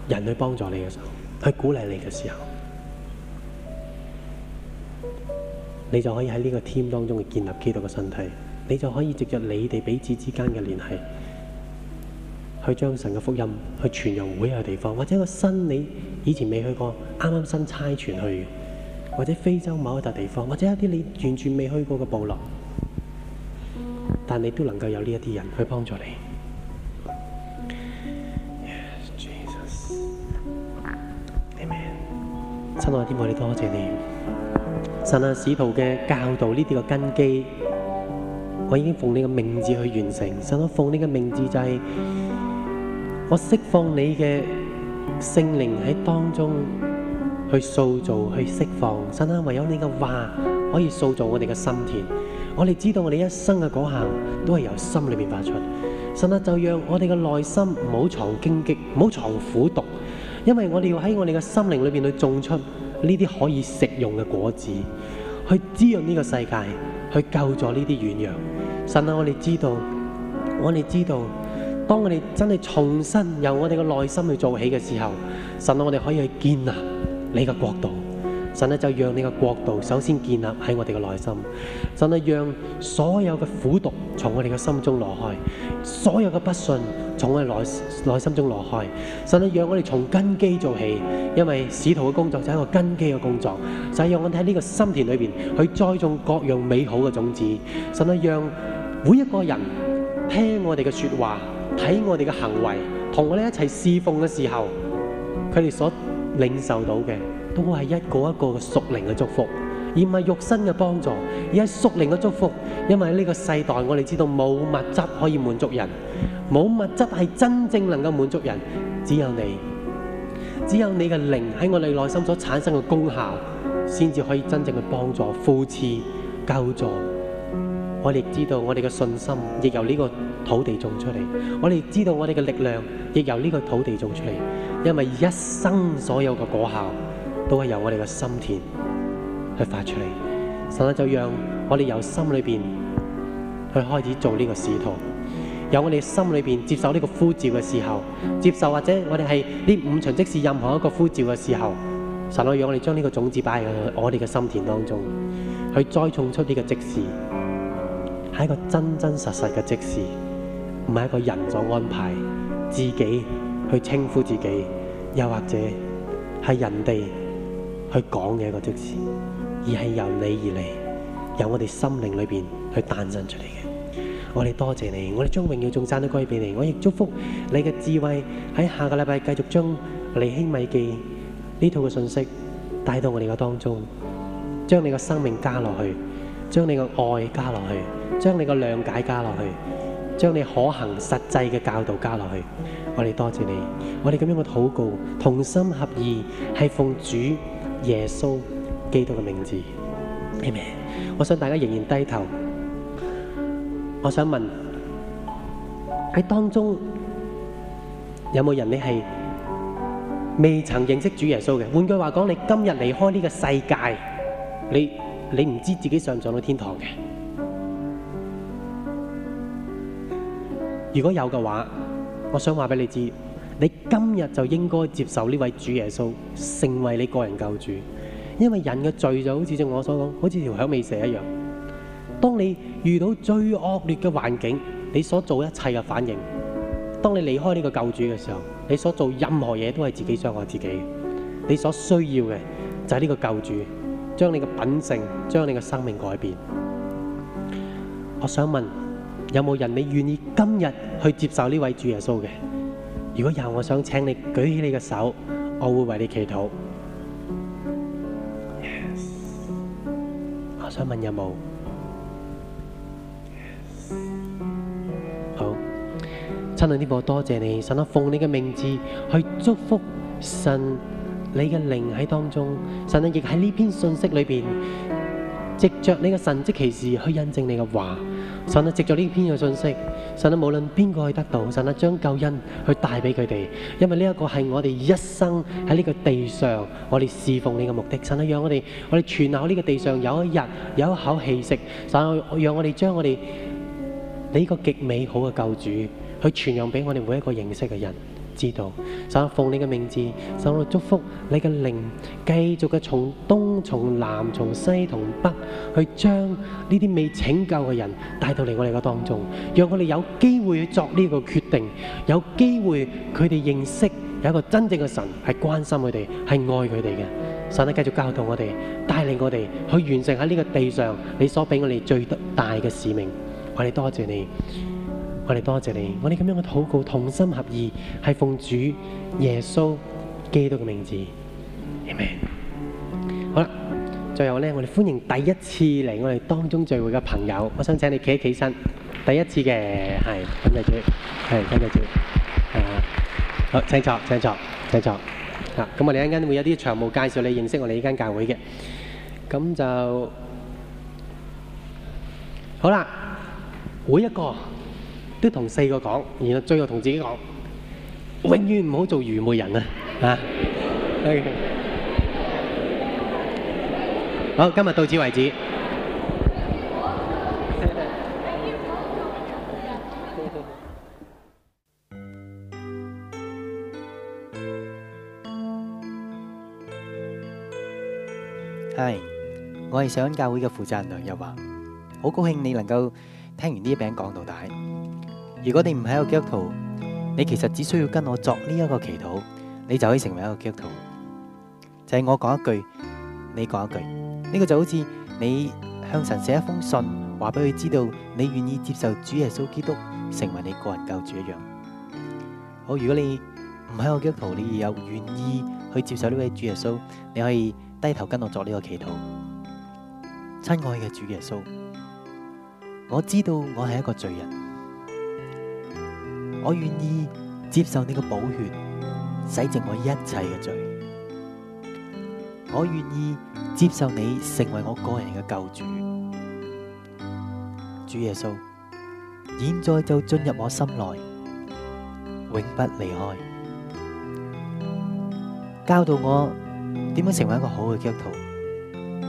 人去幫助你嘅時候，去鼓勵你嘅時候，你就可以喺呢個 team 當中去建立基督嘅身體，你就可以藉着你哋彼此之間嘅聯繫，去將神嘅福音去傳入唔會嘅地方，或者一個新你以前未去過，啱啱新差傳去嘅，或者非洲某一笪地方，或者一啲你完全未去過嘅部落，但你都能夠有呢一啲人去幫助你。親愛的天父，我哋多謝你，神啊！使徒嘅教導呢啲嘅根基，我已經奉你嘅名字去完成。神啊！奉你嘅名字就係我釋放你嘅聖靈喺當中去塑造、去釋放。神啊！唯有你嘅話可以塑造我哋嘅心田。我哋知道我哋一生嘅果行都係由心裏面發出。神啊！就讓我哋嘅內心唔好藏荊棘，唔好藏苦毒。因為我哋要喺我哋嘅心靈裏邊去種出呢啲可以食用嘅果子，去滋潤呢個世界，去救助呢啲軟弱，神啊，我哋知道，我哋知道，當我哋真係重新由我哋嘅內心去做起嘅時候，神啊，我哋可以去建立你嘅國度。神咧，就讓你嘅國度首先建立喺我哋嘅內心，神就讓所有嘅苦毒從我哋嘅心中挪開，所有嘅不信從我哋內內心中挪開，神就讓我哋從根基做起，因為使徒嘅工作就係一個根基嘅工作，就係讓我哋喺呢個心田裏邊去栽種各樣美好嘅種子，神就讓每一個人聽我哋嘅說話，睇我哋嘅行為，同我哋一齊侍奉嘅時候，佢哋所領受到嘅。都係一個一個嘅屬靈嘅祝福，而唔係肉身嘅幫助，而係屬靈嘅祝福。因為呢個世代，我哋知道冇物質可以滿足人，冇物質係真正能夠滿足人，只有你，只有你嘅靈喺我哋內心所產生嘅功效，先至可以真正去幫助、扶持、救助。我哋知道我哋嘅信心亦由呢個土地種出嚟，我哋知道我哋嘅力量亦由呢個土地種出嚟，因為一生所有嘅果效，都係由我哋嘅心田去發出嚟，神啊就讓我哋由心裏邊去開始做呢個使徒，由我哋心裏邊接受呢個呼召嘅時候，接受或者我哋係呢五場職事任何一個呼召嘅時候，神啊讓我哋將呢個種子擺喺我哋嘅心田當中，去栽種出呢個職事，係一個真真實實嘅職事，唔係一個人所安排，自己去稱呼自己，又或者係人哋，去講嘅一個職詞，而係由你而嚟，由我哋心靈裏邊去誕生出嚟嘅。我哋多謝你，我哋將榮耀頌讚都歸俾你。我亦祝福你嘅智慧喺下個禮拜繼續將《尼希米記》呢套嘅信息帶到我哋嘅當中，將你嘅生命加落去，將你嘅愛加落去，將你嘅諒解加落去，將你可行實際嘅教導加落去。我哋多謝你，我哋咁樣嘅禱告同心合意，係奉主耶穌基督嘅名字，阿們，我想大家仍然低頭。我想問喺當中有冇人，你係未曾認識主耶穌嘅？換句話講，你今日離開呢個世界，你你唔知自己上唔上到天堂嘅？如果有嘅話，我想話俾你知。你今日就應該接受呢位主耶穌成為你個人救主，因為人嘅罪就好似正我所講，好似條響尾蛇一樣。當你遇到最惡劣嘅環境，你所做一切嘅反應；當你離開呢個救主嘅時候，你所做任何嘢都係自己傷害自己。你所需要嘅就係呢個救主，將你嘅品性、將你嘅生命改變。我想問，有冇人你願意今日去接受呢位主耶穌嘅？如果有，我想請你舉起你嘅手，我會為你祈禱。Yes. 我想問有冇？Yes. 好，親愛呢夥，多謝你，神啊，奉你嘅名字去祝福神，你嘅靈喺當中，神啊，亦喺呢篇信息裏邊，藉着你嘅神蹟奇事去印證你嘅話。神啊，藉著呢篇嘅信息，神啊，無論邊個可以得到，神啊，將救恩去帶俾佢哋，因為呢一個係我哋一生喺呢個地上，我哋侍奉你嘅目的。神啊，讓我哋，我哋存留呢個地上有一日有一口氣息，神啊，讓我哋將我哋呢個極美好嘅救主去傳揚俾我哋每一個認識嘅人。知道，神奉你嘅名字，神嚟祝福你嘅靈，繼續嘅從東、從南、從西同北去將呢啲未拯救嘅人帶到嚟我哋嘅當中，讓我哋有機會去作呢個決定，有機會佢哋認識有一個真正嘅神係關心佢哋，係愛佢哋嘅，神咧繼續教導我哋，帶領我哋去完成喺呢個地上你所俾我哋最大嘅使命，我哋多謝你。我哋多謝你，我哋咁樣嘅禱告同心合意，係奉主耶穌基督嘅名字。Amen。好啦，最後咧，我哋歡迎第一次嚟我哋當中聚會嘅朋友，我想請你企一企身，第一次嘅係，感謝主，係感謝主，好，請坐，請坐，請坐。啊，咁我哋一陣間會有啲長務介紹你認識我哋呢間教會嘅，咁就好啦，每一個。都同四個講，然後最後同自己講，永遠唔好做愚昧人啊！啊，好，今日到此為止。係，我係上恩教會嘅負責人梁日華，好高興你能夠聽完呢一餅講道帶。如果你唔喺個基督徒，你其實只需要跟我作呢一個祈禱，你就可以成為一個基督徒。就係、是、我講一句，你講一句，呢、這個就好似你向神寫一封信，話俾佢知道你願意接受主耶穌基督成為你個人救主一樣。好，如果你唔喺個基督徒，你有願意去接受呢位主耶穌，你可以低頭跟我作呢個祈禱。親愛嘅主耶穌，我知道我係一個罪人。我願意接受你嘅寶血洗淨我一切嘅罪，我願意接受你成為我個人嘅救主，主耶穌，現在就進入我心內，永不離開，教導我點樣成為一個好嘅基督徒，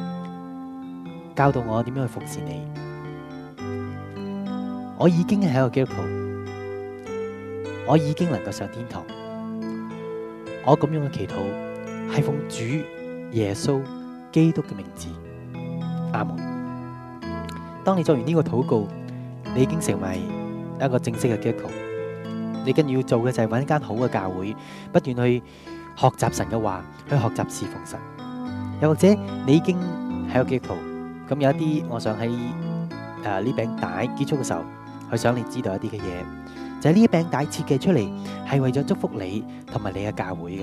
教導我點樣去服侍你，我已經係一個基督徒。我已經能夠上天堂。我咁樣嘅祈禱係奉主耶穌基督嘅名字，阿門。當你做完呢個禱告，你已經成為一個正式嘅基督徒。你跟住要做嘅就係揾一間好嘅教會，不斷去學習神嘅話，去學習侍奉神。又或者你已經係個基督徒，咁有一啲，我想喺誒呢餅帶結束嘅時候，佢想你知道一啲嘅嘢。就係呢一餅帶設計出嚟，係為咗祝福你同埋你嘅教會嘅。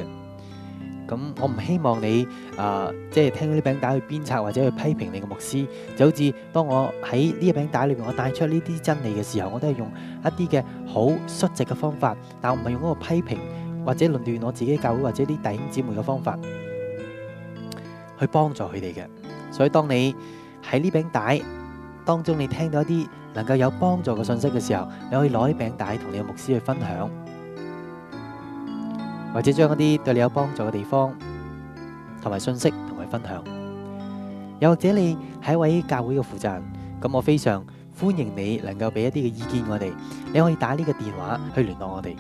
咁我唔希望你誒、呃，即係聽到呢餅帶去鞭策或者去批評你嘅牧師。就好似當我喺呢一餅帶裏面，我帶出呢啲真理嘅時候，我都係用一啲嘅好率直嘅方法，但我唔係用嗰個批評或者論斷我自己教會或者啲弟兄姊妹嘅方法去幫助佢哋嘅。所以當你喺呢餅帶當中，你聽到一啲。能夠有幫助嘅信息嘅時候，你可以攞啲餅帶同你嘅牧師去分享，或者將一啲對你有幫助嘅地方同埋信息同佢分享。又或者你係一位教會嘅負責人，咁我非常歡迎你能夠俾一啲嘅意見我哋。你可以打呢個電話去聯絡我哋。